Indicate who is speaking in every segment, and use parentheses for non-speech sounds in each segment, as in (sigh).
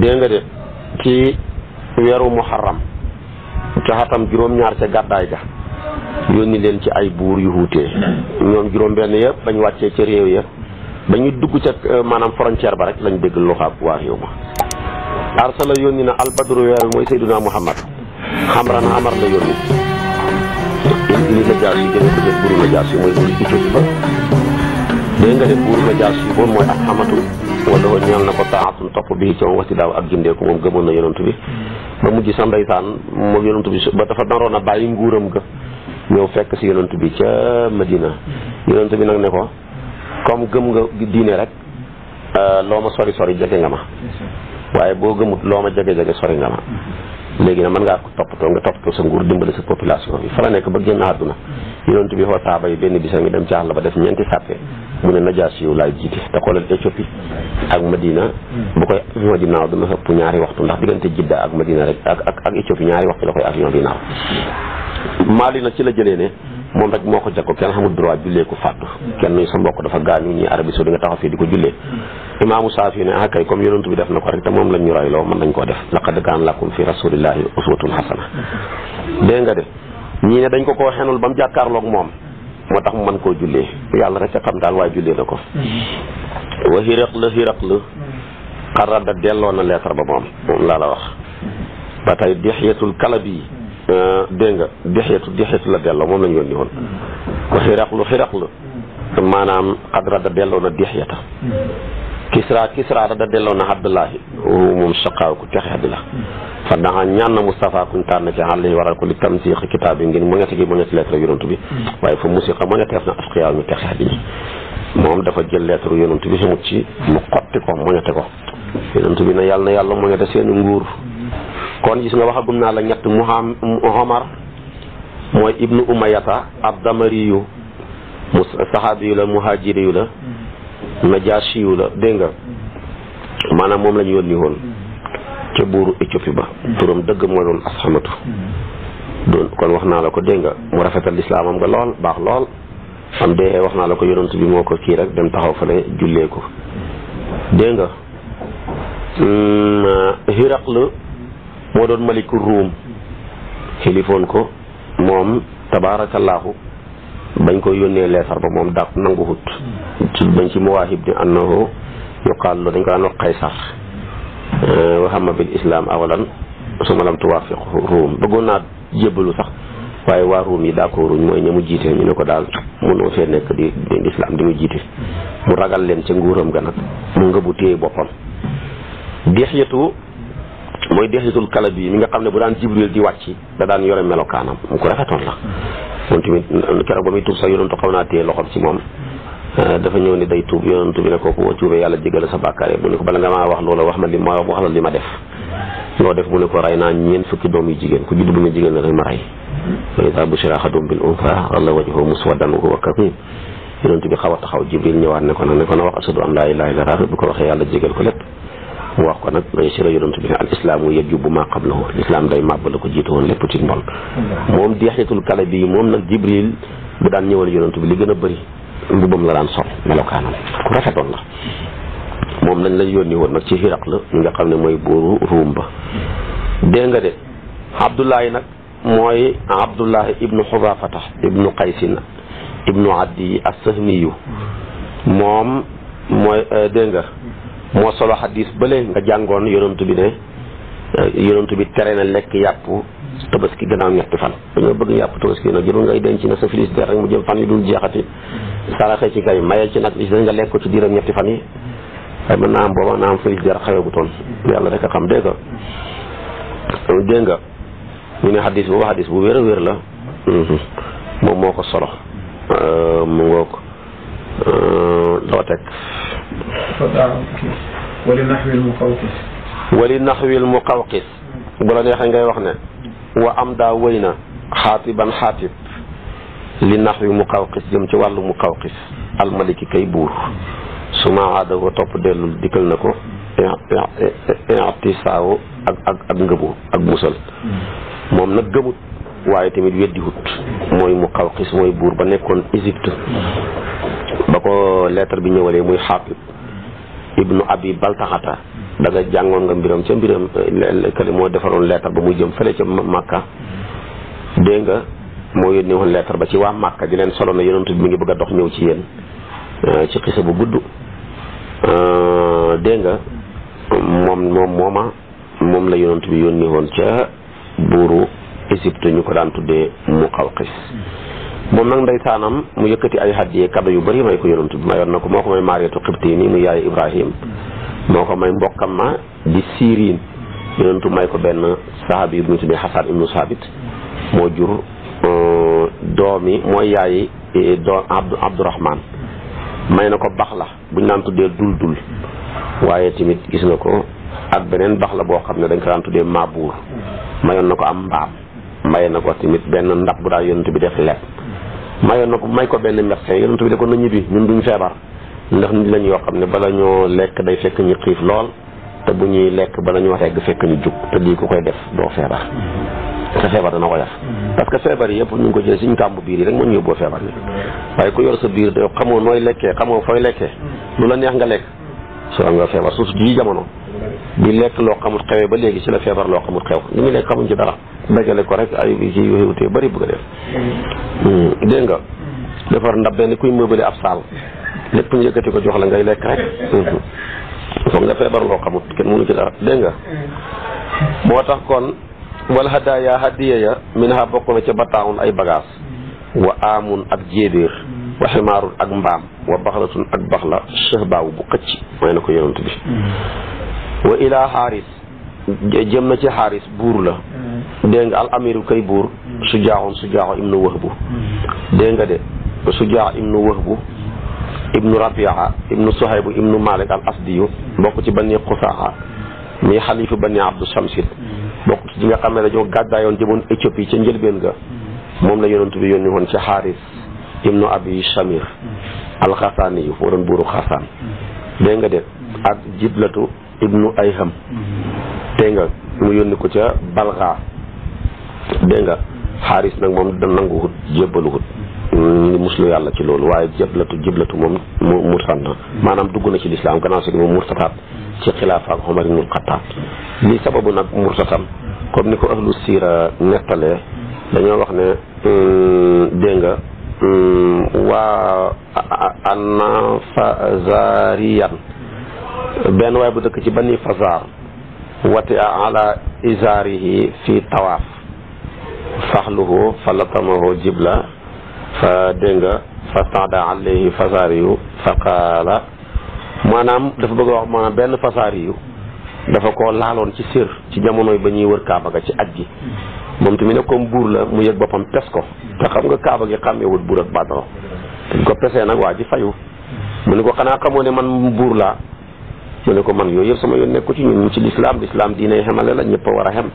Speaker 1: dégg nga de ci weeru muharram ca xatam juróom-ñaar ca gàddaay ga yónni leen ci ay buur yu wuutee ñoom juróom-benn yëpp bañ wàccee ca réew ya ba ñu dugg ca euh, maanaam frontière ba rek lañ dégg luxaab waa réew ma arsala yónni na albadru weer mooy seyduna muhammad xamran amar la yónni indi na jaas yi gën ko jël buuru na jaas yi mooy buuru Éthiopie ba dégg de buuru na jaas boobu mooy ak xamatu wala wa ñeel na ko taaxatun topp bi ci moom wasi daaw ak gindeeku moom gëmoon na yonent bi ba mujj sa ndeysaan moom yonent bi ba dafa naroon a bàyyi nguuram ga ñëw fekk si yonent bi ca Madina yonent bi nag ne ko comme gëm nga diine rek euh, loo ma sori sori jege nga ma waaye boo gëmut loo ma jege jege sori nga ma mm-hmm. léegi nag mën ngaa ko toppatoo nga toppatoo sa nguur dimbali sa population bi fa la nekk ba génn àdduna yonent dem ci àll ba def ñeenti sàppe mu ne najaasi yow laay jiite te xoolal Éthiopie ak Madina bu koy avion ñaari waxtu ndax diggante Jidda ak Madina rek ak ak ak Éthiopie ñaari waxtu la koy avion di naaw Mali nag ci la jëlee ne moom rek moo ko jago kenn xamul droit jullee ko fàddu kenn sa mbokk dafa gaañu ñi Arabie Saoudite nga taxaw fii di ko jullee imaamu saafi ne ah kay comme yonent bi def na ko rek te moom lañ ñu royloo mën nañ koo def laqad kaana lakum fi rasulillahi uswatun hasana dégg de ñii ne dañ ko ko waxee ba mu jàkkaarloog moom moo tax mu mën koo jullee yàlla rek ca xam daal waaye jullee na ko wa xiraqla xiraqla xarada delloo na lettre ba moom moom laa la wax ba tey dexyetul kala bi euh, dégg nga dexyetu dexyetu la delloo moom lañ yónni woon wa xiraqlu xiraqla maanaam xadrada delloo na dexyeta Kisra Kisra da delloo na Abdullahi moom soqaaw ku texe bi la fa ndaxa ñaan na Moustapha kuñ tànn ci àll yi waral ko li tam si kitaab yi ngir mënati gi mënati lettre yonent bi waaye fa musiqa mën a teef dafa jël lettre yonent bi xamut ci mu xotti ko mënate ko yonent bi ne yàlla na yàlla mënate seen nguur kon gis nga waxagum naa la ñett Muhammad Omar mooy ibnu Umayata ab damariyu mu saxaabi yu la yu la najaasi yu la dégg nga mm-hmm. maanaam moom la ñu yónni woon mm-hmm. ca buuru Éthiopie ba mm-hmm. turam dëgg mooy doon asxamatu doon kon wax naa la ko dégg nga mu rafetal lislaamam nga lool baax lool am dee wax naa la ko yonent bi moo ko kii rek dem taxaw fale jullee ko dégg nga mm, uh, Hiraql moo doon maliku ruum xilifoon ko moom tabaarakallaahu bañ koy yónnee leesar ba moom dàq nangu hut ci bañ ci muwaahib di annahu yuqaalu dañ ko daan wax qaysar euh, waxama bil islam awalan suma lam tuwaafiqu ruum bëggoon naa jébbalu sax waaye waa ruum yi d'accorduñ mooy ña mu jiite ñu ne ko daal mënoo fee nekk di di islam di ñu jiite mu ragal leen ca nguuram ga nag mu ngëbu téye boppam dexyatu mooy dexyatul kala bi mi nga xam ne bu daan jibril di wàcc da daan yore melokaanam mu ko rafetoon la moom tamit keroog ba muy tuub sax yonantu xaw naa téye loxoom ci moom euh, dafa ñëw ne day tuub yonantu bi ne ko boo tuubee yàlla jégal sa bàkkaare mu ne ko bala nga maa wax loola wax ma li ma wax la ma def loo def mu ne ko rey naa ñeent fukki doom yu jigéen ku judd bu ñu jigéen la rek ma rey wa idaa bushira ahaduhum bil unsaa walla wajhuhu muswaddan wa huwa kadiim yonantu bi xaw a xaw jibril ñëwaat ne ko nag ne ko na wax asadu an laa ilaaha illallaah bu ko waxee yàlla jégal ko lépp wax ko nag lay si la yonent bi ne al islaamu yajubu maa qablahu lislaam day màbb la ko jiite woon lépp ci mbon moom deexetul kale bi moom nag jibril bu daan ñëwal yonent bi li gën a bëri mbubam la daan sol melokaanam ku rafetoon la moom lañ la yónni woon nag ci xiraq la ñi nga xam ne mooy buuru ruum ba dégg nga de abdullahi nag mooy abdullahi ibnu xurafata ibnu qaysin ibnu addi assahmiyu moom mooy euh, dégg nga moo solo xadis bële nga jàngoon yonantu bi ne euh, yonantu bi tere na lekk yàpp tabaski gannaaw ñetti fan dañoo bëgg yàpp tabaski nag jërul ngay denc na sa filistere rek mu jëm fan yu dul jeexati saraxe ci kay mayee ci nag li si nga lekk ko ci diiram ñetti fan yi waaye mën naa am booba naa am filistere xewagu toon yàlla rek a xam dégg nga dégg nga ñu ne xadis boobu xadis bu wér a wér la mhm. moom moo ko solo euh, mu ngoog loo teg. wali naxwil muqawqis. wali naxwil muqawqis. bu la neexee ngay wax ne. wa am daa wëy na. xaatiban xaatib. li naxwi muqawqis jëm ci wàllu muqawqis. almaliki kay buur. su ma aadawu topp dellul dikkal na ko. intisaaw ak ak ak ngëmu ak musal. moom nag gëmut. waaye tamit weddiwut. mooy muqawqis mooy buur ba nekkoon Égypte. ba ko lettre bi ñëwalee muy xaatib ibnu abi baltaxata mm-hmm. da nga jàngoon nga mbiram ca mbiram euh, kële moo defaroon lettre ba muy jëm fële ca màkka mm-hmm. dégg nga moo yónnee woon lettre ba ci waa màkka di leen solo na yonent bi mi bëgg dox ñëw ci yéen euh, bu gudd euh, dégg moom moom moom la yonent bi yónnee woon ca buuru Égypte ñu ko daan tuddee Muqawqis mm-hmm. moom nag ndeysaanam mu yëkkati ay hadiye kado yu bari may ko yonantu bi mayoon na ko moo ko may Maariyatu Xibtiini mu yaayu Ibrahim moo ko may mbokkam ma di Siiriin yonantu may ko benn sahabi bu ñu tuddee Xasaan ibnu Saabit moo jur euh, doomi mooy yaayi eh, doo Abdu Abdurahmaan may na ko Baxla la buñ naan tuddee dul dul waaye tamit gis nga ko ak beneen la boo xam ne dañ ko daan tuddee Maabuur mayoon na ko am mbaam may na ko tamit benn ndab bu daal yonantu bi def mayoon na ko may ko benn médecin yonent bi ne ko na ñibbi ñun duñ feebar ndax nit lañ yoo xam ne bala ñoo lekk day fekk ñu xiif lool te bu ñuy lekk bala ñoo regg fekk ñu jug te lii ku koy def doo feebar te feebar dana ko def parce que feebar yi yëpp ñu ngi ko jëlee suñu kàmbu biir yi rek moo ñu yóbboo feebar yi waaye ku yor sa biir da xamoo nooy lekkee xamoo fooy lekkee lu la neex nga lekk soo am nga feebar surtout ji jamono bi lekk loo xamul xewee ba léegi ci la feebar loo xamul xew li muy lekk xamuñ ci dara dajale ko rek ay kii yu bari bëgg a def hmm, dégg nga defar ndabbe ni kuy mëbale ab saal lépp ñu ko jox la ngay lekk rek hmm. foog nga feebar loo xamut kenn mënu ci dara dégg nga moo tax kon wal hadaaya hadiya ya min bokk na ca bataawun ay bagaas wa aamun ak jéebéer wa ximaarun ak mbaam wa baxlatun ak baxla sëhbaawu bu xëcc mooy na ko yonent bi hmm. wa ilaa xaaris jëm na ci xaaris buur la
Speaker 2: mm.
Speaker 1: dégg nga al amiru kay buur mm. su jaaxoon su jaaxo ibnu wahbu
Speaker 2: mm.
Speaker 1: dégg nga de su jaax ibnu wahbu ibnu rabiaa ibnu suhaybu ibnu malik al asdiyu bokk ci bani qusaa muy xalifu bani abdu samsin bokk ci nga xamee ne dañoo gàddaayoon jëmoon éthiopie ca njëlbeen ga moom la yonent bi yónni woon ci xaaris ibnu abi shamir alxasaani yu moo doon buuru xasaan dégg nga de ak jiblatu ibnu ayham dégg nga mu yónni ko ca balxaa dégg nga xaaris nag moom da nangu hut jébbalu hut ngi muslu yàlla ci loolu waaye jëblatu jëblatu moom mu na maanaam dugg na ci lislaam gannaaw si moom murtataat ci xilaafa ak Omar ibnul Xattaab li sababu nag murtatam comme ni ko ahlu siira nettalee dañoo wax ne dégg nga waa ana fazariyan benn waaye bu dëkk ci bani fazaar watia ala izaarihi fi tawaaf faxluhu falatamahu jibla fa dégg nga fa taada alayhi fasaariyu fa maanaam dafa bëgg wax maanaam benn fasaariyu dafa ko laaloon ci sér ci jamonoy ba ñuy wër kaaba ga ci at gi moom tamit nag comme buur la mu yëg boppam pes ko te xam nga kaaba gi xàmmeewut buur ak badro dañ ko pesee nag waa ji fayu mu ni ko xanaa xamoo ne man buur laa ñu ne ko man yooyu yëpp sama yoon nekku ci ñun ñu ci lislaam lislaam diine xemale la ñëpp a war a xem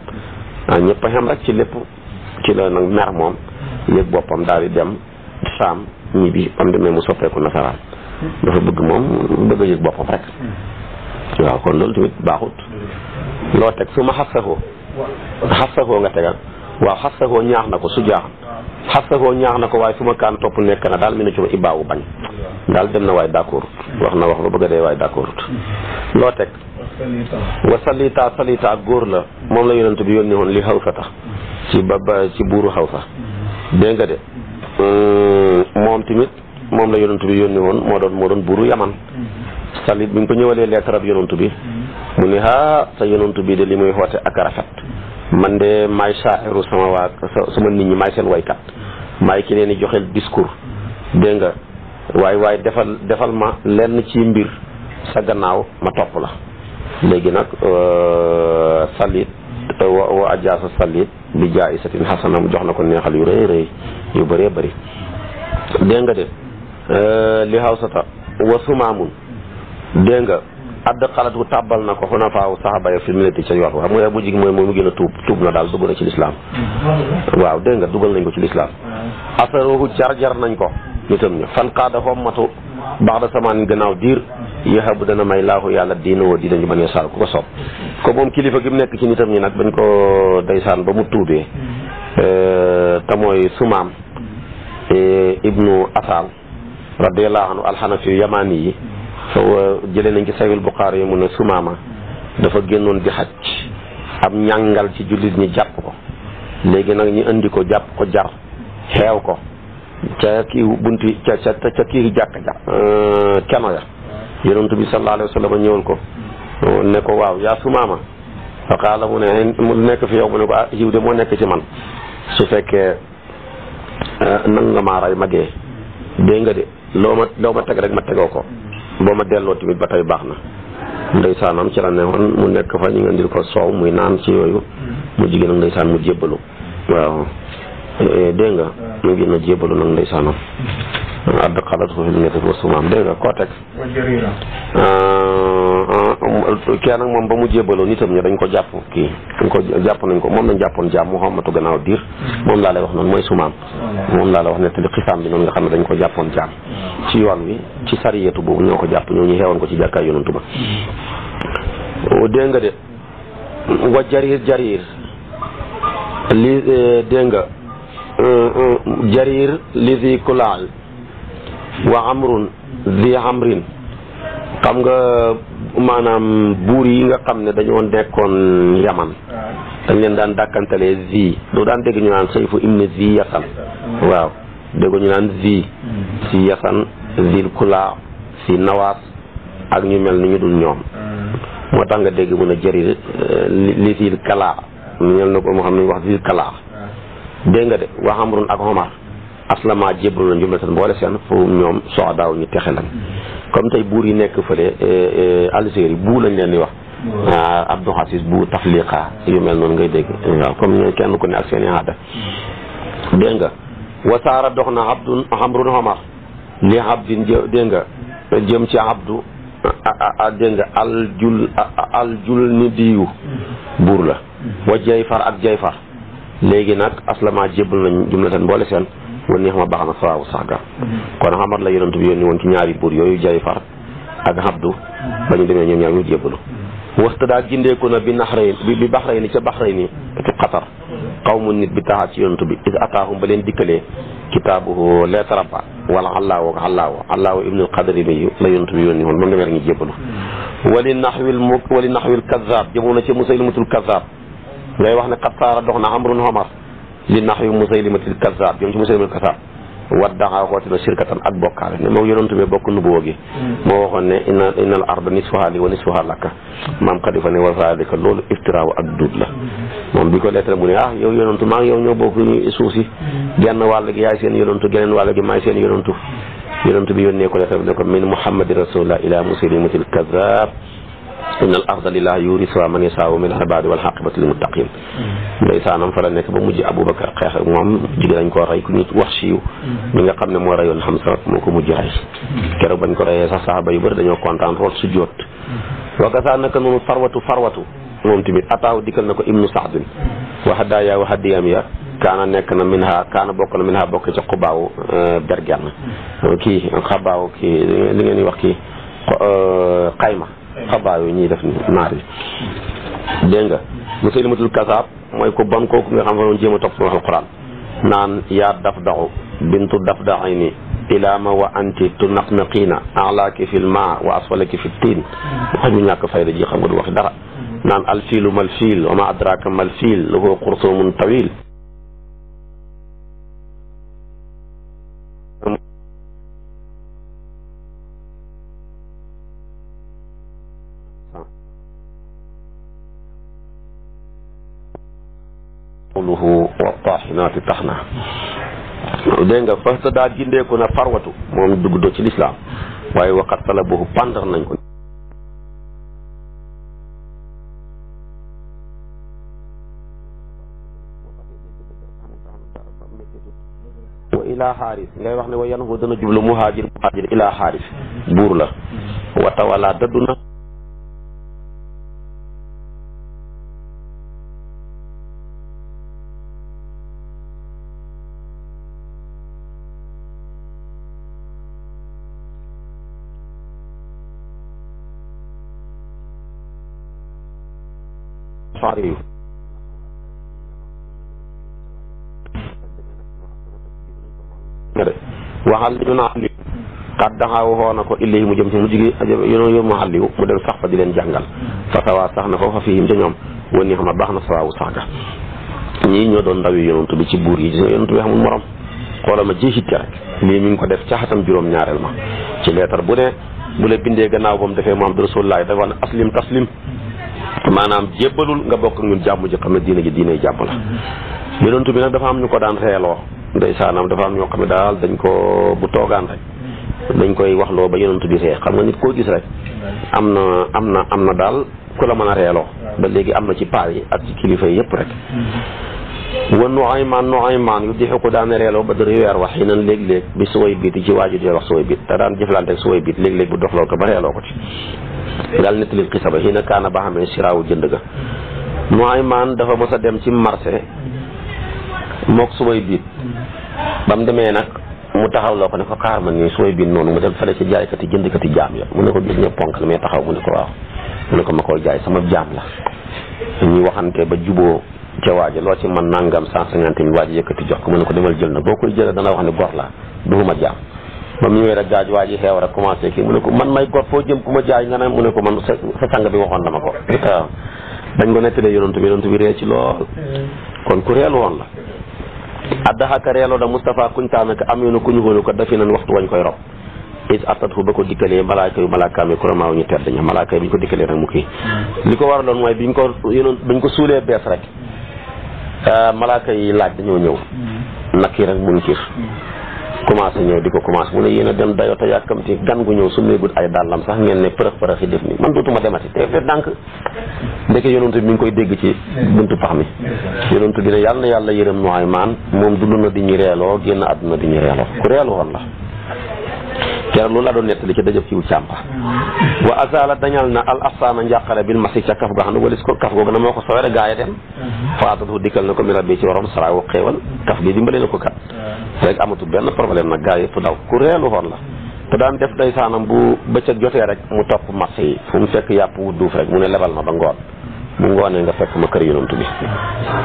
Speaker 1: ah ñëpp a xem rek ci lépp ci la nag mer moom yëg boppam daal di dem saam ñibbi am demee mu soppeeku nasaraan dafa bëgg moom bëgg a yëg boppam rek waaw kon loolu tamit baaxut loo teg su ma xas saxoo xas saxoo nga tegal waaw xas saxoo ñaax na ko su jaaxam xastakoo ñaax na ko waaye su ma kaan topp nekk na daal mi ne cuma ibaawu bañ daal dem na waaye d'accordut wax na wax ba bëgg a dee waaye d'accordut mm-hmm. loo teg wa salita salita ak góor la moom la yonent bi yónni woon li xawsata mm-hmm. ci ba ba ci buuru xawsa mm-hmm. dégg nga de moom tamit moom la yonent bi yónni woon moo doon moo doon buuru yaman salit bi ñu ko ñëwalee lettre ab yonent bi mu ne haa sa yonent bi de li muy xoote ak rafet man de maay saaxiru sama waa sama nit ñi maay seen waykat maay ki leen di joxeel discours dégg nga waaye waaye defal defal ma lenn ci mbir sa gannaaw ma topp la léegi nag euh, salit wa wa ajaasa salit bi jaayisatin xasana mu jox na ko neexal yu rëy rëy yu bëree bëri dégg nga de euh, li xaw wa sumaamun dégg nga xalat wu tàbbal na ko xunafaaw saxaba ya fi milati ca yoon xam nga bu jig mooy moom mu gën a tuub tuub na daal dugg na ci lislaam
Speaker 2: mm-hmm.
Speaker 1: waaw dégg nga dugal nañ ko ci lislaam
Speaker 2: mm-hmm.
Speaker 1: asaruhu jar-jar nañ ko nitam ña fan xaada xommatu baax da samaan gannaaw diir yaxabu dana may laahu yàlla diina woo dinañu ma a saal ku ko soob ko moom kilifa gi mu nekk ci nitam ñi nag bañ ko daysaan ba mu tuubee mm-hmm. te mooy sumaam eh, ibnu asal radiyallahu anhu alxanafi yamaani Uh, jëlee nañ ci sayul Buxaari yi mu ne Sumaama dafa génnoon di xaj am ñàngal ci jullit ñi jàpp ko léegi nag ñu indi ko jàpp ko jar xeew ko ca kii bunt ca ca ca kii jàkk ja euh, keno ya yonent bi sallallahu alayhi wa sallam ñëwal ko ne waaw yaa Sumaama fa qaala ne nekk fi yow mu ne ko ah, de moo nekk ci man su fekkee euh, nang nga maa rey ma dee dee nga de loo ma loo ma teg rek ma tegoo ko boo ma delloo tamit ba tey baax na ndeysaanam ci la neexoon mu nekk fa ñu ngi indil ko soow muy naan ci yooyu mu jigéen nag ndeysaan mu jébbalu waaw eh, eh, dégg nga mu génn jébbalu nag ndeysaanam man àdd xalaat ko fi métti wa sumaam dégg nga koo teg. kee nag moom ba mu jébaloo nitam ñi dañ ko jàpp kii dañ ko jàpp nañ ko moom lañ jàppoon jaam mu xamatu gannaaw moom laa lay wax noonu mooy sumaam moom laa lay wax nettali xisaam bi noonu nga xam ne dañ ko jàppoon jaam ci yoon wi ci sariyatu boobu ñoo ko jàpp ñoo ñu xewoon ko ci jàkkaay yonantu ba hmm. dégg nga de wa jarir jarir li eh, dégg nga eh, eh, jarir li di kulaal wa amrun zi amrin xam nga maanaam buur yi nga xam ne dañoo nekkoon yaman dañ leen daan dàkkantalee zi doo daan dégg ñu naan sayfu ibn zi yasan waaw dégg ñu naan zi si yasan zil kula si nawaas ak ñu mel ni ñu dul ñoom moo tax nga dégg mën a jëri euh, li zil kalaa ñu mel na ko moo xam ne wax zil kalaa dégg nga de wax amrun ak xomar aslama jébbalu na jumlatan mboole seen fu ñoom soxdaaw ñu texe lañ comme tey buur yi nekk fële eh, eh, Algérie buur lañ leen di wax ah, Abdou Hassis bu tafliqa yu mel noonu ngay dégg waaw comme kenn ku ne ak seen i aada dégg nga wasaara dox na abdun xamrun xamar li abdin dégg nga jëm ci abdu dégg nga aljul aljul ni diyu buur la mm-hmm. wa jayfar ak jayfar léegi nag aslama jébbal nañ jumlatan mboole seen mu neex ma baax na sawaabu sax ga mm-hmm. kon xamar la yonent bi yónni woon ci ñaari buur yooyu jay far ak Abdu mm-hmm. ba ñu demee ñoom ñaar ñu jébbalu mm-hmm. wasta daa gindeeku na bi naxray bi baxray ni ca baxray ni ci xatar xaw mu nit bi taxaat ci yonent bi is ataahum ba leen dikkalee kitaabu leetara ba wala allaahu ak allaahu allaahu ibnul qadri bi la yonent bi yónni woon ba mu demee rek ñu jébbalu wali naxwil mu wali naxwil kazaab jëmoon na ca musaylimatul kazaab ngay wax ne xasaara dox na amrun homar li naxwi musaylimatil kazaab jëm ci musaylimatil kazaab waddaa xootina shirkatan ak bokkaale ne moom yonantu bee bokk nubuwa gi moo waxoon ne inna innal arda nisfuha li wa nisfuha laka maam xalifa ne wa zalika loolu iftiraaw ak duut la moom bi ko lettre mu ne ah yow yonantu maa ngi yow ñoo bokk suuf si genn wàll gi yaay seen yonantu geneen wàll gi maay seen yonantu yonantu bi yónnee ko lettre ne ko min muhammadin rasulillah ila musaylimatil kazaab inna al arda lillahi yurisuha man yashaa'u min ibaadihi wal aaqibatu lil muttaqiin ndeysaanam fa la nekk ba mujj Aboubacar xeex ak moom jigéen dañ koo rey ku ñu wax siiw mi nga xam ne moo reyoon xam sa moo ko mujj rey keroog bañ ko reyee sax saxaaba yu bëri dañoo kontaan root su jóot wakasa naka noonu farwatu farwatu moom tamit ataaw ka na ko ibnu saadin waxadaaya waxadiyam ya kaana nekk na min ha kaana bokk na min ha bokk ca xubaaw euh, bergen kii xabaaw kii li ngeen di wax kii xayma euh, xabaar yooyu ñuy def naar yi dégg nga musaylimatul kasaab mooy ko bon kooku nga xam ne doon jéem a topp alquran naan yaa daf daxu bintu daf daxay ni ilaama wa anti tunaqnaqiina alaaki fil maa wa asfalaki fi tiin wax ñu ñàkk fayda ji xam nga du wax dara naan alfiilu mal fiil wa ma adraka mal fiil lahu xursumun tawil tax na dégg nga fasta daa gindeeku na farwatu moom dugg do ci lislaam waaye waxat sala boobu nañ ko wa ilaa xaaris ngay wax ne wa yan ko dana jublu muhaajir muhaajir ilaa xaaris buur la wa tawala daddu na القريب wa xal li na xalliw kat daxaaw xoo na ko illahi mu jëm si mu jigi yono yóbbu ma xalliw mu dem sax fa di leen jàngal fa sawaa sax na ko fa fihim ca ñoom wan ni xam na baax na sawaawu sax ga ñii ñoo doon ndawi yonantu bi ci buur yi gis nga yonantu bi xamul morom xoolal ma jeexit rek lii mi ko def ca xatam juróom ñaareel ma ci leetar bu ne bu la bindee gannaaw ba mu defee mu am rasulullah dafa ne aslim taslim maanaam jébbalul nga bokk ñun jàmm ji xam ne diine ji diine jàmm la yonentu bi nag dafa am ñu ko daan reeloo ndeysaanam dafa am ñoo xam ne daal dañ ko bu toogaan dañ koy waxloo ba yonentu bi ree xam nga nit koo gis rek am na am na am na daal ku la mën a reeloo ba léegi am na ci paal yi ak ci kilifa yi yëpp rek wa Nuaymaan Nuaymaan yu di ko daan reeloo ba dër weer wax yi nan léeg-léeg bi suway biit yi ci waaju dee wax suway biit te daan jëflante ak suway biit léeg-léeg bu doxloo ko ba ko ci daal nettalil xisa ba xii na kaana ba xamee siraawu jënd ga Nuaymaan dafa mos a dem ci marché mook sumay biit ba mu demee nag mu taxaw loo ko ne ko xaar ma nii sumay biit noonu mu dem fële ci jaaykati jëndkati jaam ya mu ne ko gis nga ponk la mais taxaw mu ne ko waaw mu ne ko ma koy jaay sama jaam la ñuy waxante ba juboo ca waaja loo ci man nangam cent cinquante mille waaja yëkkati jox ko mu ne ko demal jël na boo koy jëlee dana wax ne gor la duuma jaam ba mu ñëwee rek gaaj waa ji xeew rek commencé kii mu ne ko man may gor foo jëm ku ma jaay nga ne mu ne ko man sa sang bi waxoon na ma ko waaw dañ ko nettalee yonantu bi yonantu bi ree ci lool kon ku reelu woon la addaxaka reeloo da Moustapha kuñtaanaka am yoonu ku ñu xoolu ko dafi nan waxtu wañ koy rob is attat fu ba ko dikkalee malaaka yu malaakaam yi kuramaaw ñu tedd ña malaaka yi bi ñu ko dikkalee rek mu kii li ko waraloon mooy biñ ko yonoon biñ ko suulee bees rek ah, malaaka yi laaj dañoo ñëw hmm. nakir ak munkir commencé ñëw di ko commencé mu ne yéen dem dayoo te yàkkamti gan gu ñëw summeegut ay dàllam sax ngeen ne përëx përëx yi def ni man dootuma demati te fekk dànk ndeke yonent bi mi ngi koy dégg ci buntu pax mi yonent bi ne yàlla na yàlla yërëm nooy maan moom du dund na di ñu reeloo génn àdduna di ñu reeloo ku reelu woon la keroog loolu laa doon nettali ci dajëf ciwu càmpa wa azala dañal na al afsana njàqare bil masi ca kaf ga xam ne walis ko kaf googu moo ko sawere gaaya dem ko mi rabbi ci warom sara wo xéewal dimbale na ko rek amatu benn problème nag gaa yëpp daw ku reelu xoon la te daan def day saanam bu bëccëg jotee rek mu topp marché yi fu mu fekk yàpp wu duuf rek mu ne lebal ma ba ngoon bu ngoonee nga fekk ma kër yonantu bi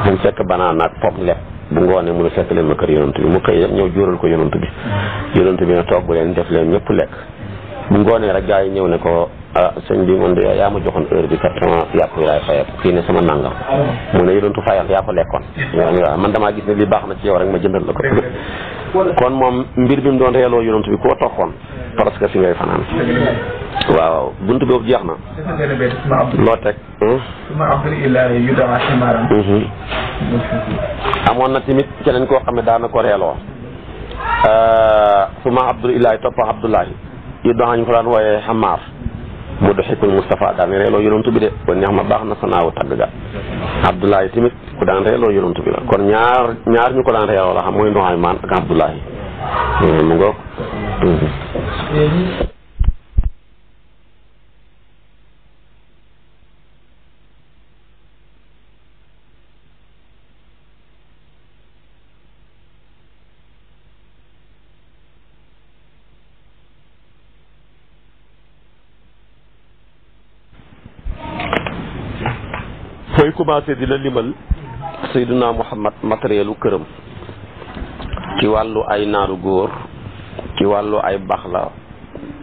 Speaker 1: bu mu fekk banaan ak pop leb bu ngoonee mu ne fekk leen ma kër yonantu bi mu xëy ñëw jural ko yonantu bi yonantu bi ne togg leen def leen ñëpp lekk bu ngoonee rek gaa yi ñëw ne ko ah sëñ bi man de yaa ma joxoon heure bi kat sama yàpp yi laay fayee kii ne sama nangam. mu ne yéen tu fayal yaa ko lekkoon. man damaa gis ne li baax na ci yow rek ma jëndal la ko. (laughs) kon moom mbir bi mu doon reeloo yonent bi koo toppoon parce que si ngay fanaan waaw bunt boobu jeex na loo teg hmm? Hmm? amoon na tamit keneen koo xam ne daana ko reeloo ah, suma abdul ilaahi toppa abdullahi yu doxañ ko daan wooye xamaar mu doxikul Moustapha daan reeloo yonantu bi de kon neex ma baax na sanaawu tagg ga Abdoulaye tamit ku daan reeloo yonantu bi la kon ñaar ñaar ñu ko daan reeloo la xam mooy Nuhaymaan ak Abdoulaye hmm, mu ngoog hmm. commencé di la limal Muhammad matériel u këram ci wàllu ay naaru góor ci wàllu ay baxla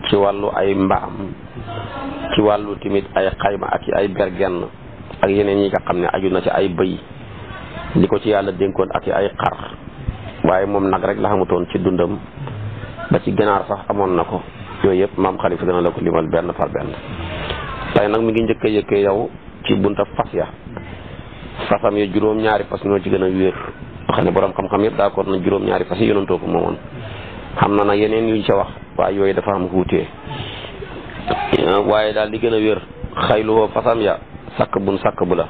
Speaker 1: ci wàllu ay mbaam ci wàllu tamit ay xayma ak ay bergenn ak yeneen yi nga xam ne aju na ci ay bëy li ko ci yàlla dénkoon ak ay xar waaye moom nag rek la xamutoon ci dundam ba ci ganaar sax amoon na ko yooyu yëpp maam xalifa dana la ko limal benn par benn tey nag mi ngi njëkk a yëkkee yow ci bunta fas ya fasam ya juróom-ñaari fas ñoo ci gën a wér xam ne boroom xam-xam yëpp d'accord na juróom-ñaari fas yi yonantoo ko moomoon xam na na yeneen ñu ca wax waaye yooyu dafa am xuutee waaye daal di gën a wér xayluwoo fasam ya sakk bun sakk bu la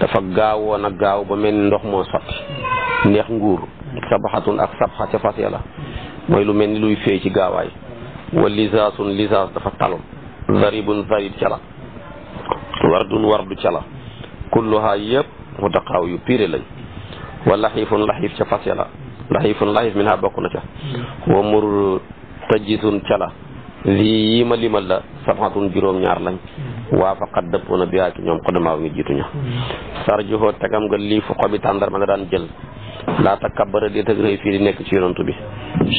Speaker 1: dafa gaawoon a gaaw ba mel ni ndox moo sotti neex nguur sabaxatun ak sabxa ca fas ya la mooy lu mel ni luy feey ci gaawaay wa lisaasun lisaas dafa talum zaribun zarib ca la wardun wardu ca la kulluha yëpp mu taqaaw yu pire lañ wa laxiifun laxiif ca fas ya la laxiifun laxiif min ha bokk na ca wa mur tajitun ca la lii yi ma limal la sabatun juróom ñaar lañ waa fa xat dëppoona bi yaa ci ñoom xodamaaw ngi jiituñu sarjuhoo tegam nga lii fu xobi tàndarma la daan jël laata kabbara di tëg rëy di nekk ci yonantu bi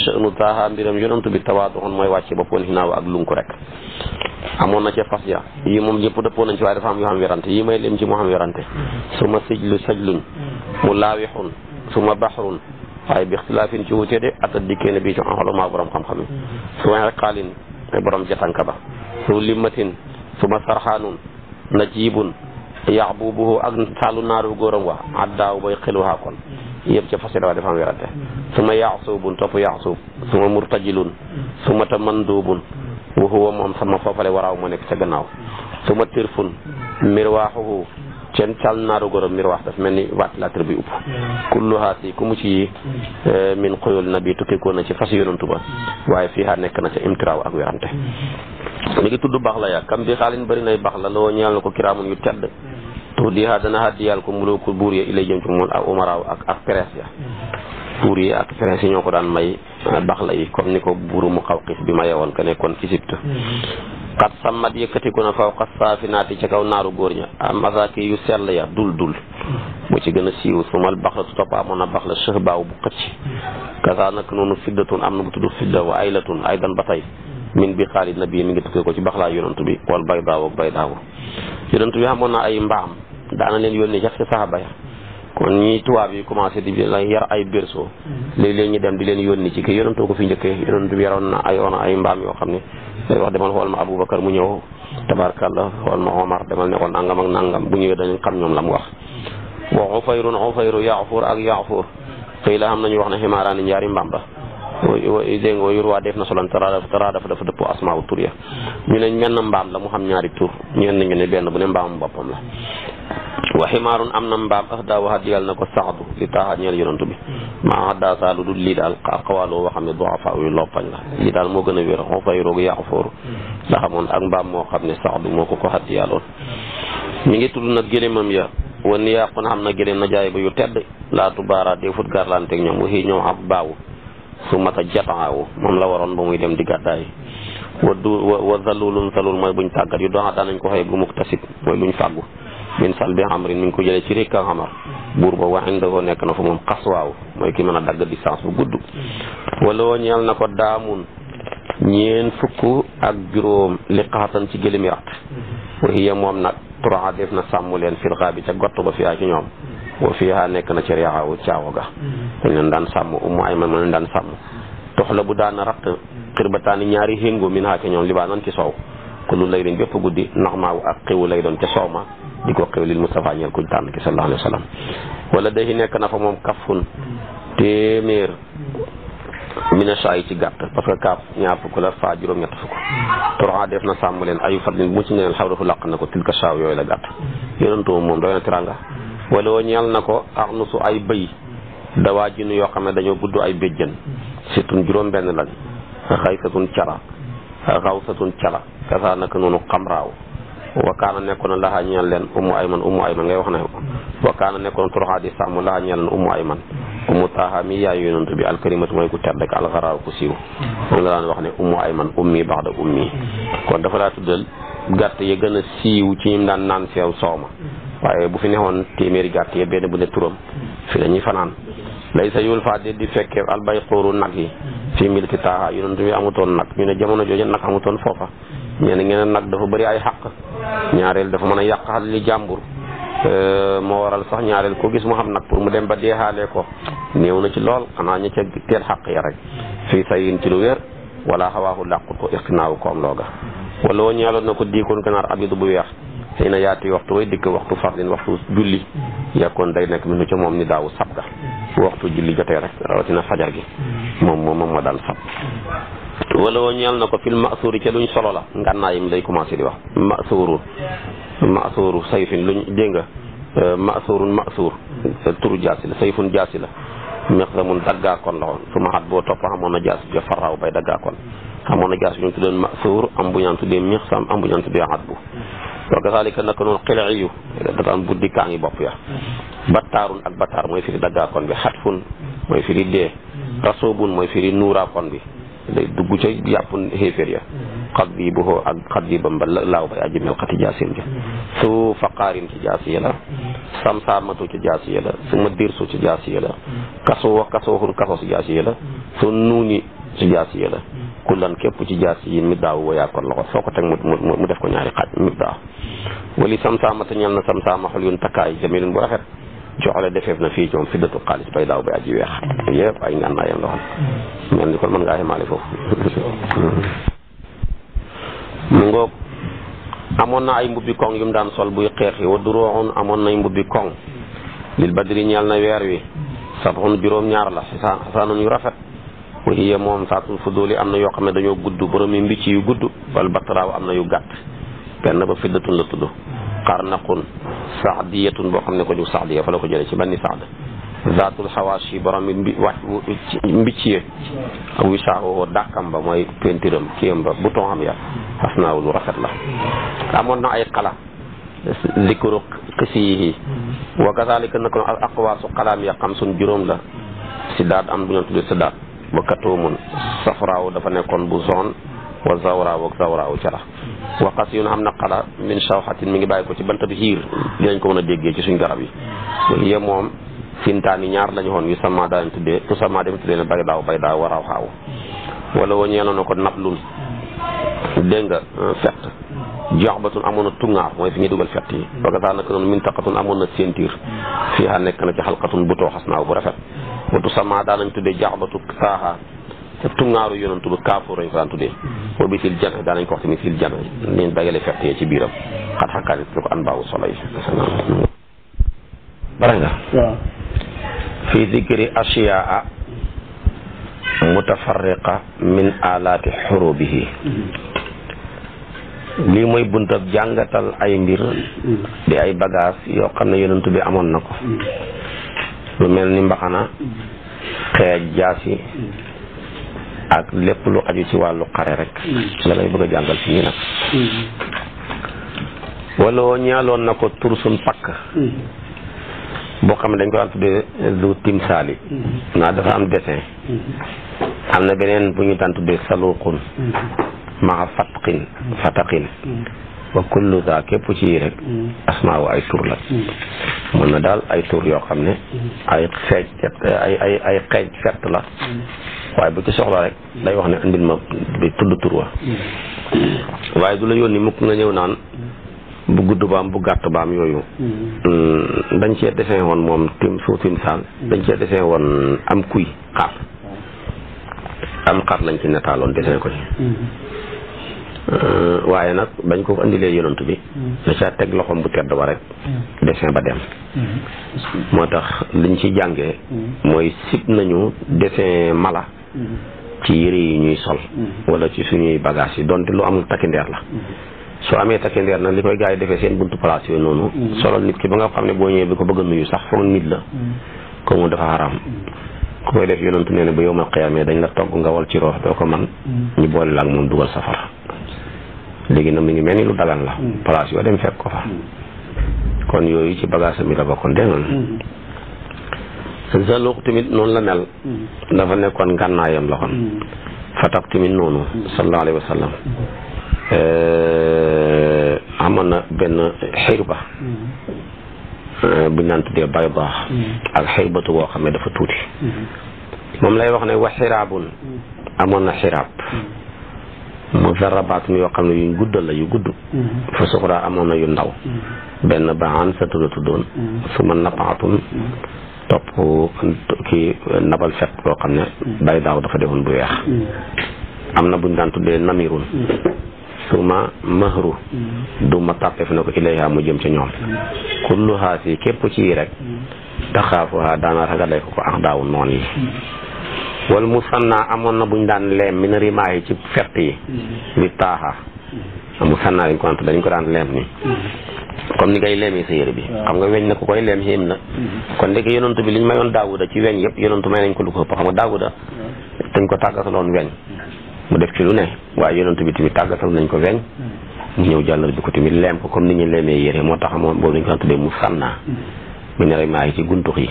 Speaker 1: sënu taaha mbiram yonantu bi tawaadu on mooy wàcce boppoon xinaaw ak lunku rek amoon na ca fas ya yi moom yëpp dëppoo nañ ci waaye dafa am yoo xam werante yi may lim ci moo ma sijlu sajluñ mu laawixun su ma baxrun waaye bi ixtilaafin ci wutee de atat dikkee ne bii ci xolomaa borom xam-xam yi su ma xeqaalin borom jatanka ba su limmatin su ma sarxaanun najibun yaax buubuhu ak saalu naaru góoram wa addaaw bay xilwahaa kon yëpp ca fas ya dafa am werante su ma yaax suubun topp yaax suub su ma murtajilun su ma tamandubun wa huwa moom sama foofale waraaw moo nekk ca gannaaw su ma tirfun mirwaaxuhu cen cal naaru goro mirwaax daf mel ni waat latar bi upp kulluhaa si ku mu ci yi eh, min na bi tukkikoo na ci fas yonantu ba waaye fii xaa nekk na ca imtiraaw ak werante mi ngi tudd baax la ya kam bi xaalin bëri nay baax la loo ñeel na ko kiraamun yu tedd tuux di xaa dana xaddiyal ko muloo ko buur ya ilay jëm ci moom ak umaraaw ak ak ya buur yi ak presse yi ñoo ko daan may baxla yi comme ni ko buuru mu xaw bi ma yewoon ko nekkoon fi sibt xat sammat yëkkatiku na faw xas saafinaati ci kaw naaru góor ña ah, masaaki yu sell ya dul dul bu mm-hmm. ci gën a siiw sumal baxla tu topp amoon na baxla sëx baaw bu xëcc mm-hmm. kasaa nag noonu fiddatun am na bu tudd fidda wa aylatun aydan ba tey mm-hmm. min bi xaalid na bi mi ngi tukkee ko ci baxlaa yonantu bi wal bay daaw ak bay daaw yonantu amoon na ay mbaam daana leen yónnee ca saxaaba ya kon ñi tubaab yi commencé di yar ay berceau léeg-léeg ñu dem di leen yónni ci kii yonantoo ko fi njëkkee yonantu bi yaroon na ay on ay mbaam yoo xam ne day wax demal xool ma Aboubacar mu ñëw la xool ma Omar demal ne ko nangam ak nangam bu ñëw dañ xam ñoom la mu wax bon ufayrun ufayru yaafuur ak yaafuur xëy la am nañu wax na ne ximaaraani njaari mbamba dégg nga yor waa def na solan tara tara dafa dafa dëpp asmaawu tur ya ñu ne menn mbaam la mu xam ñaari tur ñeen nañu ne benn bu ne mbaamu boppam la wa ximaarun am na mbaam axda waxat yàlla na ko saxdu li taaxaat ñeel yonantu bi maa xadda saa lu dul lii daal xawaaloo waxam ne doxafa yu loppañ la lii daal moo gën a wér xofay roog yàqu fooru la xamoon ak mbaam moo xam ne saxdu moo ko ko xadd yàlloon mi ngi tudd nag gëléemam ya wan ni yàqu na xam na gëléem na jaay yu tedd laatu baaraat dee fut garlanteeg ñoom waxii ñoom ab baawu su mata jataawu moom la waroon ba muy dem di gàddaay wa du wa zalulun salul moo buñ tàggat yu doxa daanañ ko xëy min salbi amrin mi ngi ko jëlee ci rek a amar buur ba wa indahoo nekk na fa moom xaswaaw mooy ki mën a dagg distance bu gudd wala woo ñeel na ko daamun ñeen fukk ak juróom li xaatan ci gëlëm yàq waxiya moom nag a def na sàmm leen filxaa bi ca gott ba fiyaa ci ñoom wa fiyaa nekk na ci riaxawu caawa ga dañ leen daan sàmm umu ay man ma leen daan sàmm tox la bu daana raq xirbataani ñaari héngo min xaa ca ñoom libaanan ci soow kullu lay doon bépp guddi nax maawu ak xiwu lay doon ca soow ma di ko xew lil Moustapha ñeel kuñ ki sallallahu alayhi wa sallam wala day nekk na fa moom kafun téeméer minasa yi ci gàtt parce que kaaf ñaar fukk la faa juróom-ñett fukk toura def na sàmm leen ayu fadlin mu ci neen xawrafu làq na ko tilka saaw yooyu la gàtt yonentoo moom doy na tiranga wala woo ñeel na ko arnusu ay bëy dawaa jinu yoo xam ne dañoo gudd ay béjjën situn juróom benn lañ xaysatun cara xawsatun cara kasaa naka noonu xamraaw wakkaana nekkoon laxa ñeel leen umu ayman umu ayman ngay wax ne wakkaana nekkoon turxaa di sàmm laxa ñeel leen umu ayman umu taaha mi yaay yonent bi alkarimatu mooy ku tedd ak alxaraaw ku siiw moom la daan wax ne umu ayman ummi baax da kon dafa laa tuddal gàtt yi gën a siiw ci ñim daan naan seew ma waaye bu fi neexoon téeméeri gàtt yi benn bu ne turam fi lañuy fanaan lay sa yul faa de di fekkee albay xóoru nag yi fi milki taaha yonent bi amutoon nag ñu ne jamono jooju nag amutoon foofa ñenn ngeen nag dafa bëri ay xàq ñaareel dafa mën a yàq xal li jàmbur euh, moo waral sax ñaareel ko gis mu xam nag pour mu dem ba deexaale ko néew na ci lool xanaa ña ca teel xàq ya rek fii sayin ci lu wér wala xawaaxu làqut ko ixtinaawu koom looga wala woo ñeeloon na ko diikoon ganaar abidu bu weex xëy na yaati waxtu way dikk waxtu fardin waxtu julli yekkoon day nekk mu minu ca moom ni daawu sab ga waxtu julli jotee rek rawatina fajar gi moom moom moom ma daan sab wala woo ñeel na ko fil masuuri ca luñ solo la ngànnaayam lay commencé di wax masuuru masuuru sayfin luñ dégg nga euh, masuurun masuur turu jaasi la sayfun jaasi la miqdamun daggaakoon la woon su ma xat boo topp amoon na jaas bi faraaw bay daggaakoon amoon na bu ñaan tuddee miqsam am bu ñaan buddi kaa ngi bopp ya battaarun ak battaar mooy firi daggaakoon bi xatfun mooy firi dee rasoobun mooy firi nuuraakoon bi day dugg ca yàpp xéeféer ya xat bi bu xoo ak ba mbal laaw bay aji melxati jaasiyam ja mm-hmm. su faqaarin ci jaasiya la mm-hmm. samsaamatu ci jaasiya la su ma dirsu ci jaasiya la mm-hmm. kasoo kasooxun kaso ci jaasiya la su nuuni ci jaasiya la kullan képp ci jaas yi mi daaw woyaa ko loxo soo ko teg mu mu def ko ñaari xaaj mi daaw wali samsaamata ñel na samsaama xol yun takkaay jamilun bu rafet jox la defeef na fii ñoom fiddatu bay daaw bay aji weex. yëpp ay ngànnaayam la woon. mel ni kon mën foofu. (laughs) mu amoon na ay mbubbi koŋ yum mu daan sol buy xeex yi wa duroon amoon nay mbubbi koŋ. lil badri ñeel na weer wi. sabxun juróom-ñaar la xasaanun yu rafet. wa hiya moom saatul fuduli am na yoo xam ne dañoo gudd borom yi mbicc yu gudd wal batraaw am na yu gàtt. benn ba fiddatun la tudd. xarnaqun saxdiyatun boo xam ne ko jóg saxdiya fa la ko jëlee ci banni saxd zaatul xawaas yi borom it mbi wàcc mbicciye ak wisaawo dàkkam ba mooy pentiram kiyam ba bouton xam ya xas naaw lu rafet la amoon na ay xala zikru xisiyihi wa kazalika nag al aqwaasu xalaam ya xam sun juróom la si daat am bu ñu tudde si daat ba katoomun safraaw dafa nekkoon bu zone wa zawra wa zawra wu cala wa xas yu na am na xala min sawxatin mi ngi bàyyi ko ci banta bi xiir dinañ ko mën a déggee ci suñ garab yi yé moom fintaan ñaar lañu xoon yu sama daañ tuddee tu sama dem tuddee ne bay daaw bay daaw waraaw xaaw wala wa ñeeloon na ko nablun dégg nga euh, fett joxbatun amoon na tungaar mooy fi ñuy dugal fett yi parce que saa naka noonu mintaqatun amoon na ceinture fii xa nekk na ci xalqatun bu too xas naaw bu rafet watu sama daa nañ tuddee jaxbatu saaxa surtout ŋaaru yonantu ba kaafu lañ ko daan tuddee. boo bi sil jame daanañ ko wax tamit sil ci biiram xat xakkaani tudd ko an baawu fi dikri ashiyaa mutafarriqa min alaati xurubihi mm-hmm. lii mooy buntab jàngatal ay mbir mm-hmm. di ay bagage yoo xam ne yonent bi amoon na ko mm-hmm. lu mel ni mbaxana ak lépp lu aju ci wàllu xare rek mm. la lay bëgg a jàngal fii nag mm. wala ñaaloon na ko tursun pakk mm. boo xam ne dañ ko daan tuddee lu timsaali naa dafa am dessin am na beneen bu ñu daan tuddee saluqun maa fatqin fataqin wa kullu za képp ci yi rek asmaawu ay tur la mën na daal ay tur yoo xam ne ay xeej ay ay xeej fett la waaye bu ci soxla rek day wax ne andil ma bi tudd tur wa waaye du la yónni mukk nga ñëw naan bu gudd baam bu gàtt baam yooyu mm, dañ cee desin woon moom tim suu timsaal dañ cee desin woon am kuy xar am xar lañ ci netaaloon desin ko ci mm-hmm. waaye nag bañ ko indilee yonantu bi mm-hmm. da teg loxoom bu tedd ba rek mm-hmm. dessin ba dem moo tax liñ ci jàngee mooy sib nañu dessin mala ci yére yi ñuy sol wala ci suñuy bagage yi donte lu amul takkindeer la soo amee takkindeer nag li koy gaa yi defee seen buntu place yooyu noonu solal nit ki ba nga xam ne boo ñëwee bi ko bëgg a nuyu sax foog nit la ko mu dafa xaraam ku koy def yonantu nee ne ba yow ma xiyamee dañ la togg nga wal ci roof doo ko man ñu boole la ak moom dugal safara léegi nag mu ngi mel ni lu dagan la palaas yoo dem fekk ko fa kon yooyu ci bagage mi la bokkoon dégg zalook tamit noonu la mel mm. dafa nekkoon ngànnaayam la kon mm. fatak tamit noonu mm. sallallahu alayhi wa eh, amoon na benn xirba eh, bu ñu naan tuddee bay baax ak xirbatu boo xam ne dafa tuuti mm-hmm. moom lay wax ne wa amoon na xiraab mu zarabaatun yoo xam ne yuñ guddal la yu gudd mm-hmm. fa suxraa amoon na yu ndaw mm-hmm. benn ba an sa tudda tuddoon su ma napaatun topp kii nabal fet loo xam ne bay daaw dafa defoon bu weex mm. am na buñ daan tuddee namirun mm. suma mahru mm. du ma tàppee fi ne ko ilayha mu jëm ci ñoom kulluhaa si képp ci yi rek taxaafuha daana ragale ko ko ak daaw noon yi wal musanna amoon na bu ñu daan leem mi na rimaa yi ci fett yi li taaxa musanna dañ ko daan dañ ko daan leem ni comme ni ngay leemee sa yére bi xam nga weñ na ku koy leem xéem na mhm. kon ndeke yonantu bi liñ mayoon daawuda ci weñ yëpp yonantu may nañ ko lu ko ëpp xam nga daawuda dañ ko tàggataloon weñ mu def ci lu ne waaye yonantu bi tamit tàggatal nañ ko weñ mhm. mu ñëw jàllar bi ko tamit leem ko comme ni ñu leemee yére moo tax moom boobu dañ ko daan tuddee mu sànnaa mhm. mu ne rek maa ngi ci guntux yi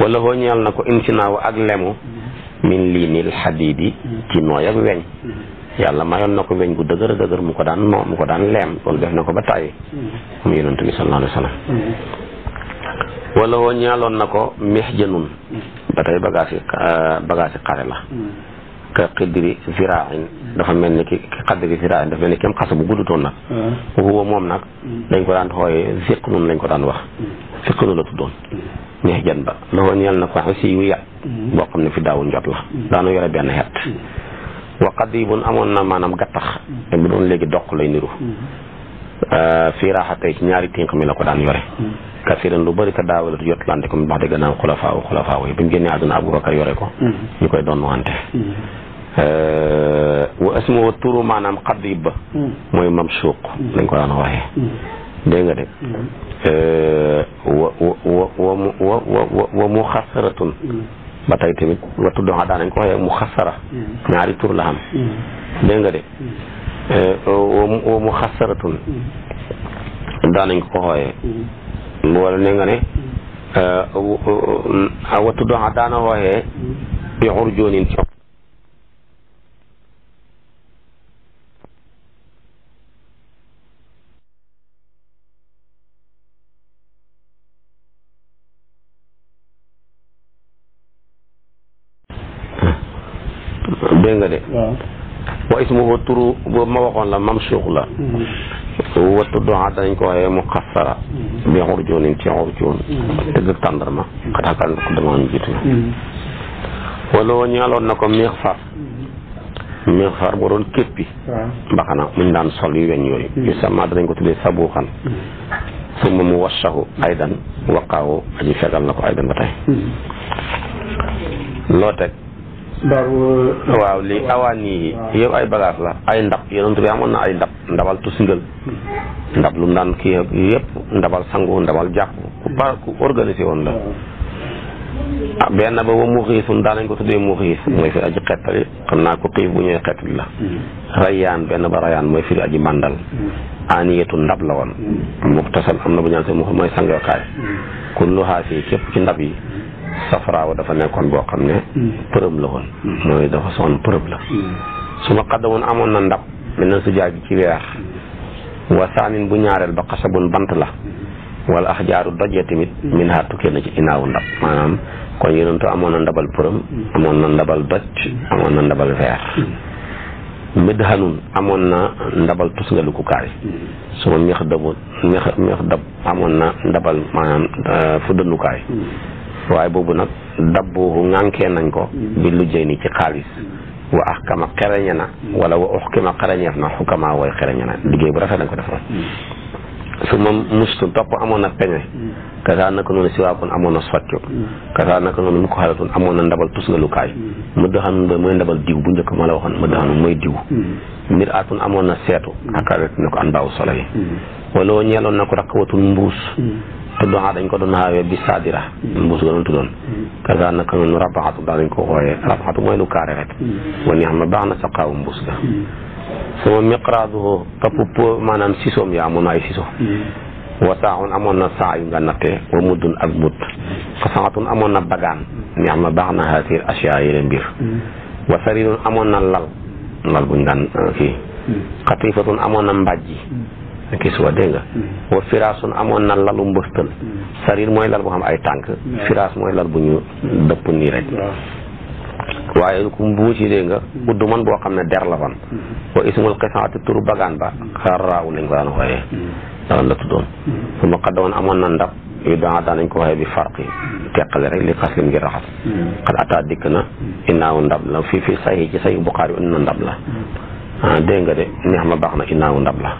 Speaker 1: wala hoo ñeel na ko insinaaw ak lemu min lii nil xadiidi ci nooy ak weñ yàlla mayoon na ko weñ gu dëgër dëgër mu ko daan noo mu ko daan leem loolu def na ko ba tàyyi hmm. mu yonent bi sallallahu alayhi wa sallam hmm. na ko meex jënun hmm. ba tey bagaasi euh, xare la ka xidri ziraain dafa mel ni ki xadri ziraain dafa mel ni kem xasa bu guddutoon nag moom nag dañ ko daan xooyee ziqnun lañ ko daan wax ziqnu la tuddoon meex jën ba la woo ñeel na ko xisi yu yàq boo xam ne fi daawu njot la daanu yore benn xeet wa qadibun amoon na maanaam gattax te mu doon léegi doq lay niru mm-hmm. euh, fii raaxatay ci ñaari tinq mi la ko daan yore
Speaker 2: mm-hmm.
Speaker 1: kasiran lu bëri te daawala tu yotlante ko mi bax de gannaaw xulafaaw xulafaaw yi bi ñu génnee àdduna abubakar yore ko mm-hmm. ñu koy doon wante euh, wa asmo turu maanaam xadib ba mooy mamsuuq dañ ko daan waxee dégg nga de euh, wa wa wa wa wa wa muxasaratun ba tey tamit wattu doxa daanañ ko waxee mu xasara mm. ñaari tur la am mm. dégg nga de mm. eh, wa mu xasaratun daanañ ko xooyee wala ne nga ne eh, wattu doxa daana xooyee yoxur joonin ci dégg nga de wa ismuhu turu boobu ma waxoon la mamsuux la mm-hmm. wattu doxa ah danañ ko waxee mu xassara mm-hmm. bi xurjoonin ci xurjoon mm-hmm. dëgg tàndarma xataa kan ko dama ñu jiitu wala wa na ko miix far miix far boo doon képpi mbaxana muñ daan sol yu weñ yooyu yu sama danañ ko tuddee sabuuxan summa mu wassahu aydan waqaawu aji fegal na ko aydan ba tey loo teg
Speaker 2: Eh, waaw lii awaan yi yëpp ay bagaas
Speaker 1: la ay ndab yonent bi amoon na ay ndab ndabal tusingal ndab lu mu daan kii yëpp ndabal sangu ndabal jàpp ku par ku organisé woon la ah benn ba ba daanañ ko tuddee muxiis mooy firi aji xettali xam naa ko xiif bu ñëwee xettali la rayaan benn ba rayaan mooy firi aji màndal aaniyatu ndab la woon muktasal am na bu ñaan se mooy sangokaay kulluhaa fii képp ci ndab yi safraaw dafa nekkoon boo xam ne hmm. përëm la woon hmm. mooy dafa soxna përëm la hmm. su ma woon amoon na ndab mel na su jaaju ci weer wa bu ñaareel ba xasabun bant la wala ax jaaru dojee tamit min ha tukkee na ci ginnaawu ndab maanaam kon yonentu amoon na ndabal përëm amoon na ndabal doj amoon na ndabal weer midhanun amoon na ndabal tusngaluku kaay suma meex dabu meex meex dab amoon na ndabal maanaam euh, fu waaye boobu nag dabbuhu ŋànkee nañ ko mm-hmm. bi lujjay ni ci xaalis mm-hmm. wa ax kama xereñe na mm-hmm. wala wa ux kima xereñeef na xukama way xereñe na liggéey bu rafet lañ ko def defoon su ma mustu topp amoon na peñe kasaa naka noonu siwaabun amoon na soccu kasaa naka noonu mu ko xalatun amoon na ndabal tusngalukaay mu doxanun ba mooy ndabal diw bu njëkk ma la waxoon mu doxanun mooy diw mbir atun amoon na seetu akaret na ko andaaw solo yi wala ñeeloon na ko rakk watun te doxaa dañ ko doon xaawee bi saadira mbuus ga doon tuddoon kaga naka noonu daal dañ ko xooyee rabaxatu mooy lu wa neex ma baax na sa xaawu mbuus ga sama miqraadu topp maanaam sisoom yaa amoon ay siso wa saaxun amoon na saa yu nga nattee wa muddun ak but xasangatun amoon na bagaan neex ma baax na xaatiir asiyaa wa sarirun amoon na lal lal buñ daan uh, kii hmm. xatiifatun amoon na mbàjji kiswa dégg nga mm. wa firaasun amoon na lalu mbëstal mm. sarir mooy lal bu xam ay tànk mm. firaas mooy lal bu ñu dëpp nii rek waaye ku mbuus yi nga udd man boo xam ne der la fan wa ismul xisaati turu bagaan ba xaraaw lañ ko daan xooyee dalan la tuddoon su ma xaddawoon amoon na ndab yu daan daan nañ ko waxee bi farq teqale rek li xas lim ngir raxas xad ataa dikk na innaaw ndab la fii fi sayi ci sayi buxaari indi na ndab la ah, dégg nga de neex ma baax na innaaw ndab la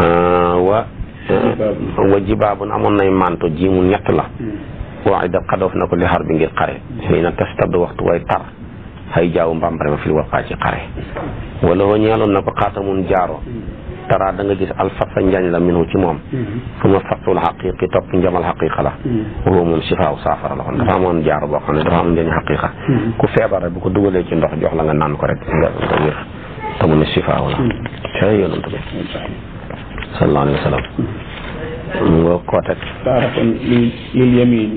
Speaker 1: Euh, wa wa jibaabun amoon nay manto ji mu ñett la hmm. waaye da xadoof na ko li xar bi ngir xare hmm. xëy na tas tab waxtu way tar xay jaawu mbambare ma fi waqaa ci xare hmm. wala woo ñeeloon na ko xaatamun jaaro tara da nga gis alfasa njañ la minu ci moom fu ma fasul xaqiqi topp njamal xaqiqa la woo moom sifaaw saafara la kon dafa amoon jaaro boo xam ne dafa am njëriñ xaqiqa ku feebar bu ko dugalee ci ndox jox la nga naan ko rek nga nga wér te mu ne la sallallahu alayhi wa sallam mu nga kootak taaratan lil yamin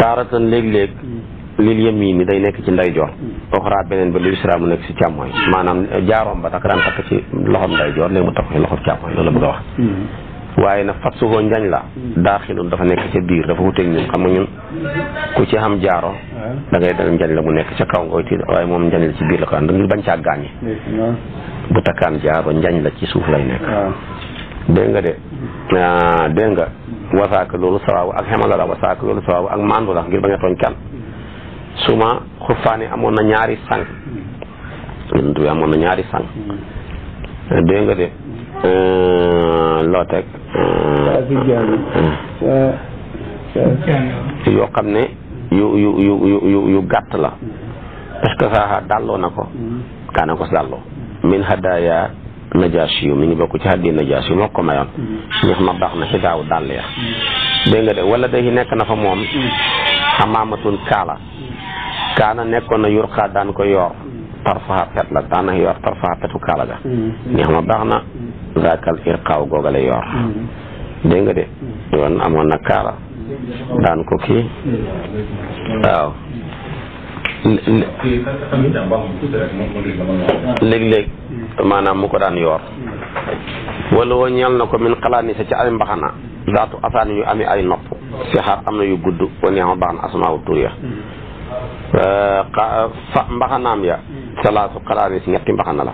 Speaker 1: taaratan léeg-léeg hmm. lil yamin ni day nekk ci ndeyjoor hmm. oxraa beneen ba lu isra mu nekk ci càmmooñ maanaam eh, jaaroom ba takk daan takk ci loxoom ndeyjoor léegi mu takk ci loxoom càmmooñ loolu la bëgg a wax hmm. waaye nag fat suhoo njañ la daaxilun dafa nekk ca biir dafa wuteeg ñun xam nga ñun ku ci xam jaaro da ngay dal njañ la mu nekk ca kaw nga koy tiit waaye moom njañ la ci biir la ko daan ngir bañ caa bu takkaan jaaro njañ la ci suuf lay nekk dégg nga de ah, dégg nga wasaaka loolu sawaabu ak xemala la wasaaka loolu sawaabu ak mandu la ngir ba a tooñ kenn suma xurfaani amoon na ñaari amoon na ñaari sang dégg de eh, loo teg eh,
Speaker 2: eh,
Speaker 1: yoo xam ne yu yu yu yu yu gàtt la parce que dàlloo na ko kaana mm-hmm. dàlloo min hadaya najaas yu mi ngi bokk ci haddi najaas yu moo ko mayoon ñeex mm. baax na si daaw dàll ya
Speaker 2: mm.
Speaker 1: dégg de wala day nekk na fa moom xamaamatun mm. kaala kaana nekkoon na yurqa daan ko yoor tarfaha pet la daan na yoor tarfaha petu kaala ga ñeex ma baax na zaakal irqaaw googale yoor dégg nga de amoon na kaala daan ko kii waaw léeg-léeg maanaam mu ko daan yoor wala woo ñeel na ko min xalaani sa ci ay mbaxana zaatu asaan yu ami ay nopp si xaar am na yu gudd wa neexam baax na asmaawu tur ya euh, fa mbaxanaam ya salaasu ñetti mbaxana la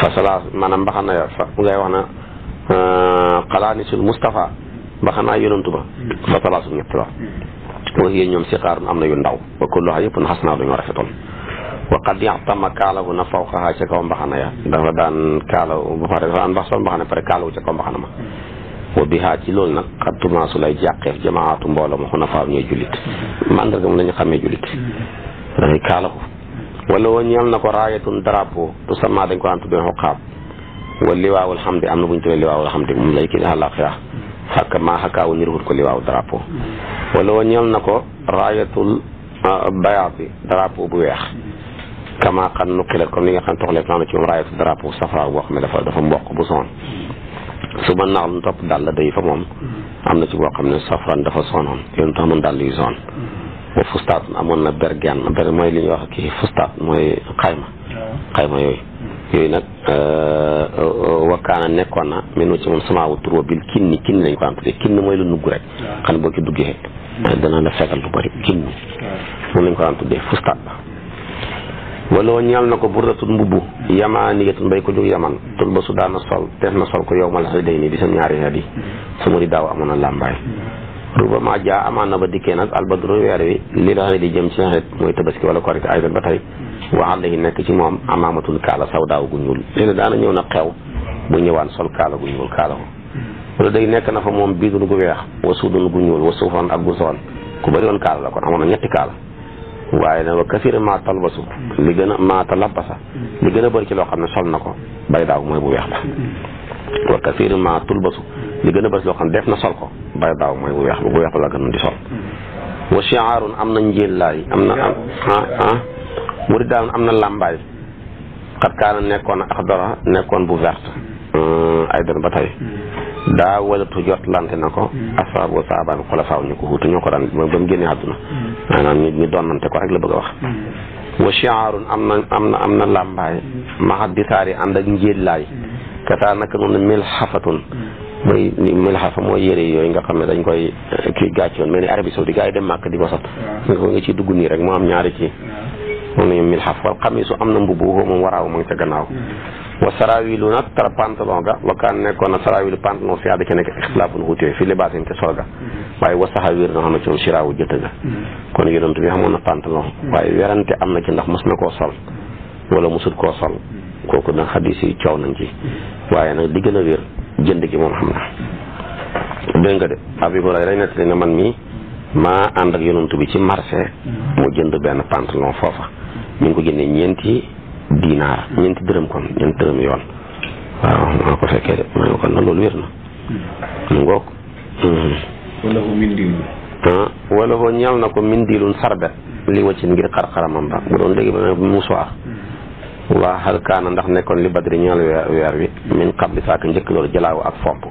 Speaker 1: fa maanaam mbaxana ya fa ngay wax na euh, xalaani sul Mustafa mbaxanaa yonantu ba fa salaasu ñett la wa hiya ñoom siqaarun am na yu ndaw wa kulluha yëpp na xas naa dañoo rafetoon wa qad yaxtama kaalawu na fawqaha ca kaw mbaxana ya dafa daan kaalaw ba pare dafa daan mbax sol mbaxana pare kaalawu ca kaw mbaxana ma wa bihaa ci loolu nag xat tumaasu lay jàqeef jamaatu mbooloo ma xunafaa ñooy jullit mandarga mu nañu xamee jullit dafay kaalawu wala woon ñeel ko raayatun drapeau tu sama dañ ko daan tuddee xoqaab wa liwaawul xamdi am na bu ñu tuddee liwaawul xamdi moom lay kii xakk maa xakkaawu niruwut ko li waaw drapeau wala wa ñeel na ko raayatul ah, bayaat bi drapeau bu weex kama xan nuqilat comme ni nga xam toxleef naa na ci moom raayatul drapeau safraa boo xam ne dafa dafa mboq bu soon su ma naxal lu topp dàll day fa moom am na ci boo xam ne safran dafa soonoon yoonu tax mën dàll yu soon ba fustaat amoon na bergen ber mooy li ñuy wax kii fustaat mooy xayma xayma yooyu yooyu nag euh, wakkaana nekkoon na minu ci moom samaawu turwa bil kinni kinni lañ ko daan tuddee kinni mooy lu nugg rek xam ne boo ci duggee hmm. dana la fegal lu bëri kinni moom lañ ko daan tuddee fustat na ko burdatut mbubb yamaaniyatun bay ko jóg yaman tul ba su daana sol def na sol ko yow ma la xel day nii bisam ñaari xel yi hmm. su ma di daaw amoon na làmbaay hmm. ruba ma jaa amaan na ba dikkee nag albadro weer wi li la xel di jëm ci xeet mooy tabaski wala korite aydan ba tey waa waxal yi nekk ci moom amaamatun kaala sawdaaw gu ñuul nee na daana ñëw na xew bu ñëwaan sol kaala gu ñuul kaala ko wala day nekk na fa moom biidun gu weex wa suudun gu ñuul wa suufan ak gu soon ku bëri woon kaala la kon amoon na ñetti kaala waaye nag wa kasira maa talbasu li gën a maa talabasa li gën a bëri ci loo xam ne sol na ko bay daaw mooy bu weex ba wa kasira maa tulbasu li gën a bëri ci loo xam ne def na sol ko bay daaw mooy bu weex ba bu weex ba la gën di sol wa chiaarun am na njéllaay am na ah, ah. murid daal am na làmbaay xat kaana nekkoon axdara nekkoon bu verte hmm, ay doon ba tey hmm. daa walatu jot lante na ko hmm. asaabu saabaan xulafaaw ñu ko wuutu ñoo ko daan ba mu génnee àdduna maanaam ñu ñu donnante ko rek la bëgg a wax wa chiaarun am na am na am na làmbaay maxa disaar yi ànd ak njéllaay kataa naka noonu mil xafatun mooy mil xafa mooy yére yooyu nga xam ne dañ koy eh, kii gàccoon mais ni Arabie Saoudi gars yi dem màkk di ko sot nga ko nga ciy dugg nii rek moo am ñaari ci moom la ñu milxaf wal xamiisu am na mbubu moom waraaw ma ngi ca gannaaw. Mm-hmm. wa saraawilu nag tar pantalon ga wa kaan nekkoon na saraawilu pantalon si àdda ci nekk ixtilaafun wuute fi libaasin ca sol ga mm-hmm. waaye wa saxawir na xam ne ci moom siraawu jëtt ga mm-hmm. kon yonent bi xamoon na pantalon waaye werante am na ci ndax mos na koo sol wala mosut koo sol kooku nag xadis si coow nañ ci waaye nag li gën a wér jënd gi moom xam na dégg nga de Abi Hurayra rek ne na man mii maa ànd ak yonent bi ci marché mu jënd benn pantalon foofa ñu ko génnee ñeenti dinaar ñeenti dërëm kon ñeenti dërëm yoon waaw maa ko fekkee de maa ngi kon na loolu wér na mu ngoog wala ko ah, ñal na ko min diilun sarbet li waccin ngir xar-xaramam ba bu doon léegi ba musuwaar waa xal ndax nekkoon li badri ñal weer wi min xabli saaka njëkk loolu jalaaw ak fomp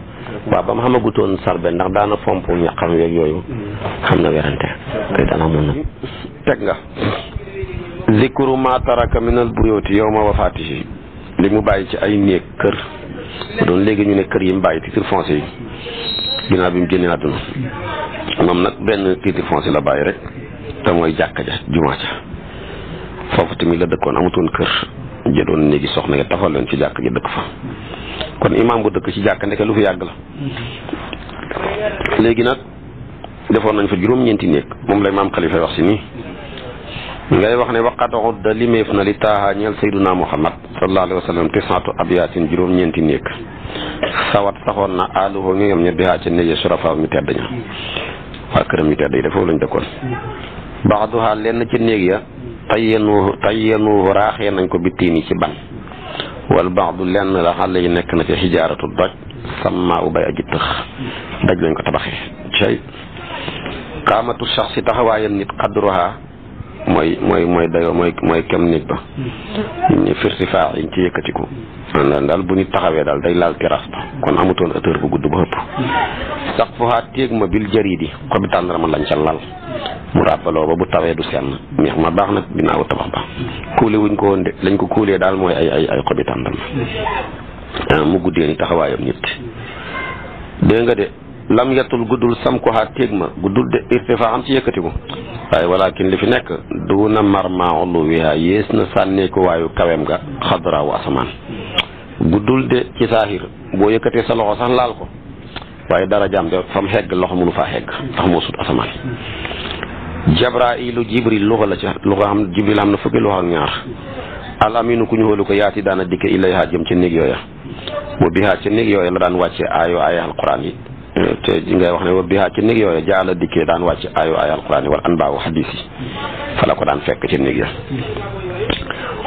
Speaker 1: waaw ba mu xamagutoon sarbe ndax daana fomp ñaqam weeg yooyu mm. xam na werante te dana mun na teg nga zikru ma taraka minal buyuti yow ma wafaatihi li mu bàyyi ci ay néeg kër doon léegi ñu ne kër yi mu bàyyi titre foncier yi ginnaaw bi mu génnee àdduna moom nag benn titre foncier la bàyyi rek te mooy jàkka ja jumaa ja foofu tamit la dëkkoon amutoon kër jëloon néegi soxna nga tafal ci jàkk ji dëkk fa kon imaam bu dëkk ci jàkk ndeke lu fi yàgg la léegi nag defoon nañ fa juróom-ñeenti néeg moom la imaam Xalifa wax si nii ngay wax ne waqat xudda limeef na li taaha ñeel sayduna muhammad sallallahu alayhi wa sallam tisaatu abiyaatin juróom-ñeenti néeg sawat saxoon na aluhoo ñu yam ña bihaa ca néeg surafa ñu tedd ña waa këram ñu tedd yi dafa lañ dëkkoon baxduhaa lenn ci néeg ya tayyanu tayyanu raaxee nañ ko bittiini ci ban wal baxdu lenn la xale yi nekk na ca xijaaratu doj sammaa ubay aji tëx daj lañ ko tabaxee cay kaamatu sax si taxawaayam nit xadruhaa mooy mooy mooy dayoo mooy mooy kem hmm. nit ba firtifaa yi ñu ci yëkkatiku maanaam daal bu nit taxawee daal day laal terrasse ba kon amutoon hauteur bu gudd ba ëpp hmm. sax foxaa téeg ma bil jariidi xobi tàndarama lañ ca lal hmm. mu ràbbaloo ba bu tawee du senn neex ma baax nag ginnaaw tabax ba kuule wuñ ko woon de lañ ko kuulee daal mooy ay ay ay xobi tàndarma ah, mu guddee ni taxawaayam nit dégg de lam yetul guddul samkohaa téeg ma guddul de irtifa am ci yëkkatiku waaye walakin li fi nekk duuna marma uluwiha yées na sànneeku waayu kawem nga xadraawu asamaan guddul de ci saahir boo yëkkatee sa loxo sax laal ko waaye dara jaam de fam xegg loxo mënu faa xegg ndax moo sut asamaan jabrailu jibril luxa la ca luxa xam xam na fukki luxa ak ñaar al aminu ku ñu xóolu ko yaati daana dikke ilayha jëm ca néeg yooya wa biha ca néeg yooya la daan wàcce aayo aaya te ji ngay wax ne wa bihaa ci néeg yooyu jaala dikkee daan wàcc aayu ay alquraan wal anbaawu xadiis yi fa ko daan fekk ci néeg ya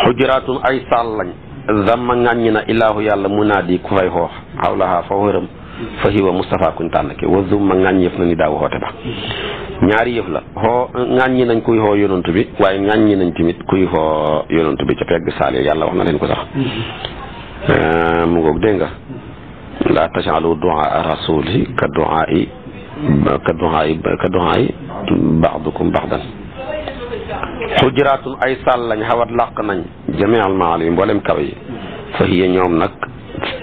Speaker 1: xujuraatum ay saal lañ zamma ma na ilaahu yàlla mu naa di ku fay xoox xawlaha fa wëram fa hiwa Moustapha kuñ tànn ki wa zumma ŋàññeef na ni daawu xoote ba ñaari yëf la xoo nañ kuy xoo yonantu bi waaye ŋàññi nañ tamit kuy xoo yonantu bi ca pegg saal yi yàlla wax na leen ko sax
Speaker 2: mm-hmm.
Speaker 1: euh, mu ngoog dégg nga laa tajcalu duaa rasuli ka duaai ka duaai ka duaai baxdukum baxdan xujuraatun ay sàll lañ xawat làq nañ jamii al maalim mboolem kaw yi fa hiya ñoom nag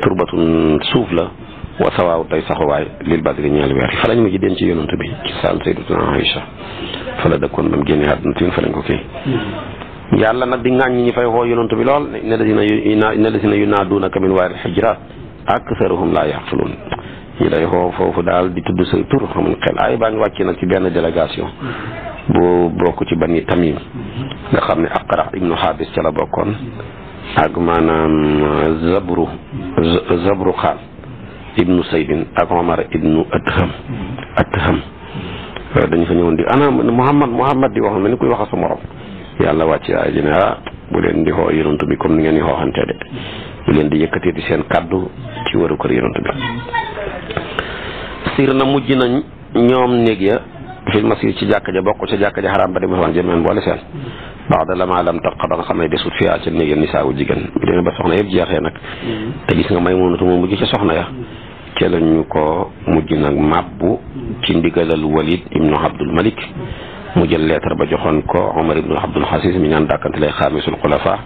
Speaker 1: turbatun suuf la wa sawaaw tey saxuwaay lil badri ñaari weer fa lañ mujj denc ci yonent bi ci saal sayyidatuna Aïcha fa la dëkkoon ba mu génne àdduna tin fa lañ ko kii yàlla nag di ŋàññ ñi fay xoo yonent bi lool ne ladina yunaadunaka min waari xijraat aksaruhum laa yaqilun ñi lay xoo foofu daal di tudd sa tur xamuñ xel ay baa ngi wàcc nag ci benn délégation bu bokk ci bani tamim nga xam ne aqra ibnu xaabis ca la bokkoon ak maanaam zabru zabru xaan ibnu saydin ak omar ibnu atham atham dañu fa ñëwoon di ana muhammad muhammad di wax ma ni kuy wax a sa morom yàlla wàcc yaay ji ne ah bu leen di xoo bi comme ni ngeen di xooxante de ñu leen di yëkkatee di seen kàddu ci waru kër yonent bi siir na mujj nañ ñoom néeg ya fil masir ci jàkka ja bokk ca jàkka ja xaraam ba dem waxoon jëmeen boole seen baax da la maa ba nga xam ne desut fi ci néeg ya nisaawu jigéen bi demee ba soxna yëpp jeexee nag te gis nga may mënatu mu mujj ca soxna ya ca lañu ko mujj nag màbbu ci ndigalal walid ibnu abdul malik mu jël lettre ba joxoon ko omar ibnu abdul xasis mi ñaan dàkkante lay xaamisul xulafa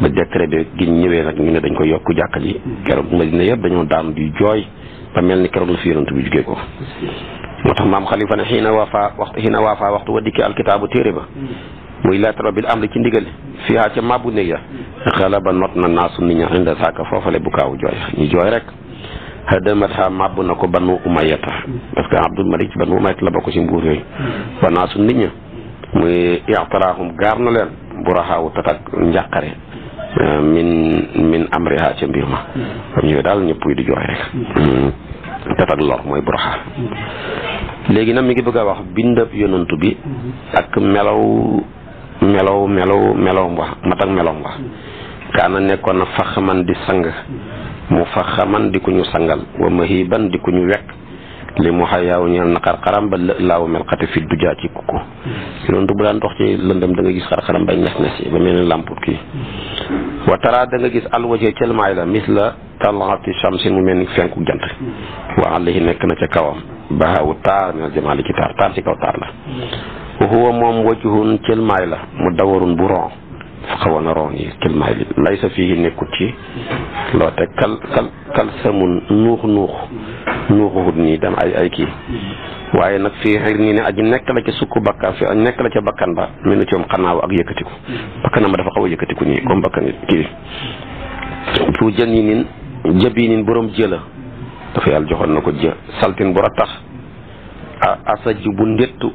Speaker 1: ba décret bi gi ñëwee nag ñu ne dañ ko yokk jàkk ji keroog Madina yëpp dañoo daan di jooy ba mel ni keroog la fi yonent bi jugee ko moo tax maam xalifa ne xiina waafa waxtu xiina waafa waxtu wa dikki alkitaabu téere ba muy lettre bil am ci ndigal fiihaa ca mabbu néeg ya xalaba not na naasu nit ña inda saaka foofale bu kaawu jooy ñu jooy rek hadamat ha mabbu na ko banu umayata parce que abdul malik banu umayata la bokk ci mbuur yooyu ba naasu nit na leen buraxaawu tatak njàqare euh, min min amriha ca mbir ma am ñëwee daal ñëpp yi di jooy rek hmm. tatak lor mooy buraxaa léegi nag mi ngi bëgg a wax bindab yonantu bi ak melow melow melow melawam wax mat ak melawam wax kaana nekkoon na faxaman di sang mu faxaman di ku ñu sangal wa mahiban di ku ñu wekk li mu xayaaw ñeel na xar-xaram ba laaw mel xate fi du jaa ko kukku hmm. loolu bu daan ndox ci lëndam danga gis xar-xaram bay nes nes yi ba mel ne làmp kii hmm. wa tara da nga gis alwaje cëlmaay la mis la talati shamsin mu mel ni fenku jant hmm. waa àll yi nekk na ca kawam baawu taar minal jamaali ci taar taar ci kaw taar la huwa moom wajhun cëlmaay la mu dawarun bu ron xaw a naroon yi kilmaay li lay sa fii nekkut ci loo teg kal kal kal samun nuux nuux nuuxuwut nii dem ay ay kii waaye nag fii xir nii ne aji nekk la ca sukk bakkan fi nekk la ca bakkan ba mel ni coom xanaaw ak yëkkatiku bakkanam dafa xaw a yëkkatiku nii comme bakkan kii fu jën yi niin jëb yi niin boroom jëla dafa yàlla joxoon na ko jë saltin bu rattax a asaj bu ndettu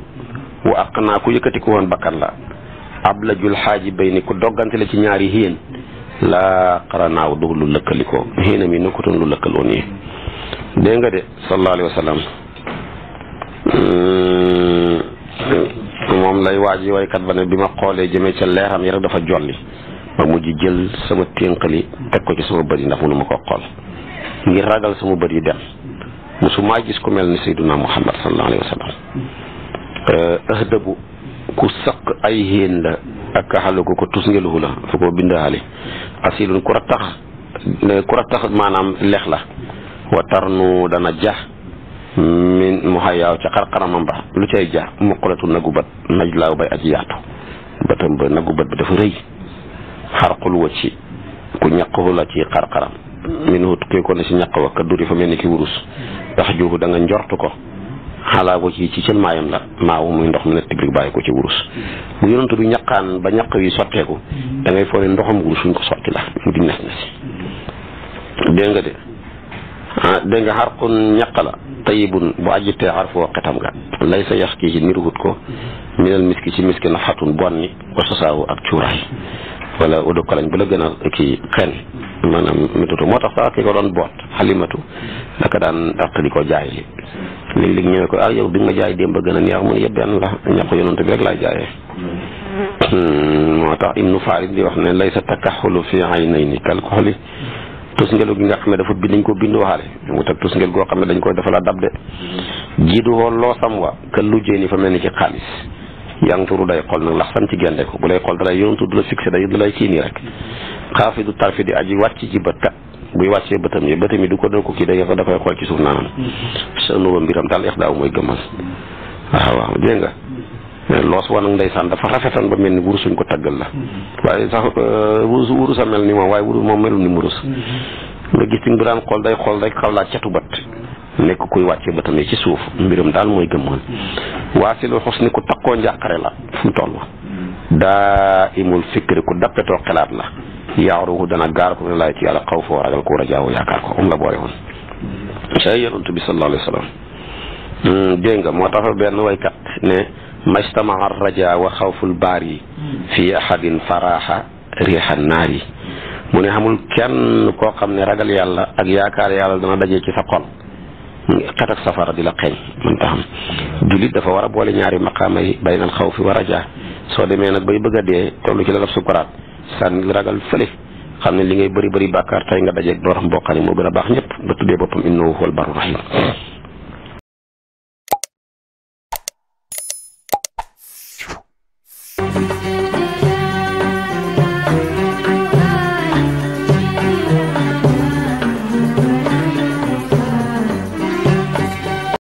Speaker 1: wa ak naa ku yëkkatiku woon bakkan la ab la jul xaaji bay ni ku doggante la ci ñaari hiin laa qaranaaw dug lu lëkkalikoo hiina mi nukkutoon lu lëkkaloon yi dégg nga de sallallahu alayhi wa sallam hmm, moom lay waaj yi waykat ba ne bi ma xoolee jëmee ci leeram yi rek dafa jolli ma mujji jël sama ténqali teg ko ci sama bët yi ndax mënu ma ko xool ngir ragal sama bët yi dem musu ma gis ku mel ni sayduna muhammad sallallahu alayhi wa eh, ahdabu ku saq ay héen la ak xalu ko ko tusngeluhu la fu ko bindaale asilun ku rattax ku rattax maanaam lex la wa tarnu dana jax min mu xayaaw ca xarxaramam ba lu cay jax muqalatu nagu bët naj laa bay aji yaatu bëtam ba nagu bët bi dafa rëy xarqul wa ci ku ñaqahu la ci xarxaram min hut kii ko ne si ñaq wa ka duri fa mel ni ki wurus tax juuxu da njort ko xalaa ko ci ci cën maayam la maawu muy ndox mi ne tibrik bàyyi ko ci wurus bu yonantu bi ñaqaan ba ñaq wi sotteeku dangay ngay foog ne ndoxam wurus fuñ ko sotti la mu di nes na si nga de ah dégg nga ñaq la tayibun bu ajitee xarfoo xetam nga lay sa yax kii ci niruhut ko minal miski ci miski nafatun bonni wa sosaawu ak cuuraay wala udu kalañ bu la gën a kii xen maanaam métutu moo tax sax ki ko doon boot xalimatu naka daan art di ko jaay léeg-léeg ñu ne ko ah yow bi nga jaay démb gën a neex mu ne yëpp benn la ñàpp yonent bi rek laay jaayee. Mm-hmm. Hmm, moo tax Ibnu Farid di wax ne laysa takaxulu fi aynayni kal koxli tusngelu gi nga xam ne dafa bind ko bind waxaale mu teg tusngel goo xam ne dañ koy dafa la dab de mm-hmm. jiitu woon loo sam wa ka lu jéeni fa mel ni ci xaalis yaa ngi turu day xool nag lax san ci gende ko bu lay xool dalay yonantu du la fixé day du lay kii nii rek mm-hmm. xaafidu tarfi di aji wàcc ci bët kat buy wàccee bëtam yi bëtam yi du ko dal ko kii da da koy xool ci suuf naanam mm-hmm. sa nuba mbiram daal ex daaw mooy gëmmal waaw mm-hmm. ah, waaw dégg nga mm-hmm. loos wa nag ndeysaan dafa rafetoon ba mel ni wurus suñ ko taggal la waaye sax euh, wurus wurus a mel ni moom waaye wurus moom melul ni wurus nga gis ci bu daan xool day xool rek xaw xawlaa catu bët nekk kuy wàccee bëtam yi ci suuf mbiram daal mooy gëmmal waa si lu xos ni ku takkoo njàqare la fu mu toll daa imul fikri ku dappetoo xelaat la yaaruhu dana gaar ko laay ci yàlla xaw foo ragal ko rajaawu yaakaar ko moom la boole woon ca yonent bi sallallahu alayhi wa sallam hmm, dégg nga moo tax benn waykat ne majtamaa raja wa xawful baar yi fi ahadin faraaxa riixan naar yi mu ne xamul kenn koo xam ne ragal yàlla ak yaakaar yàlla dana daje ci sa xol xet ak safara di la xeeñ mën ta xam jullit dafa war a boole ñaari maqaama yi baynal xawfi wa raja soo demee nag bay bëgg a dee tollu ci lalab sukuraat san ragal fële xam ne li ngay bëri bëri bàkkaar tey nga dajeeg borom boo xam ne moo gën a baax ñëpp ba tuddee boppam innahu huwal barru rahim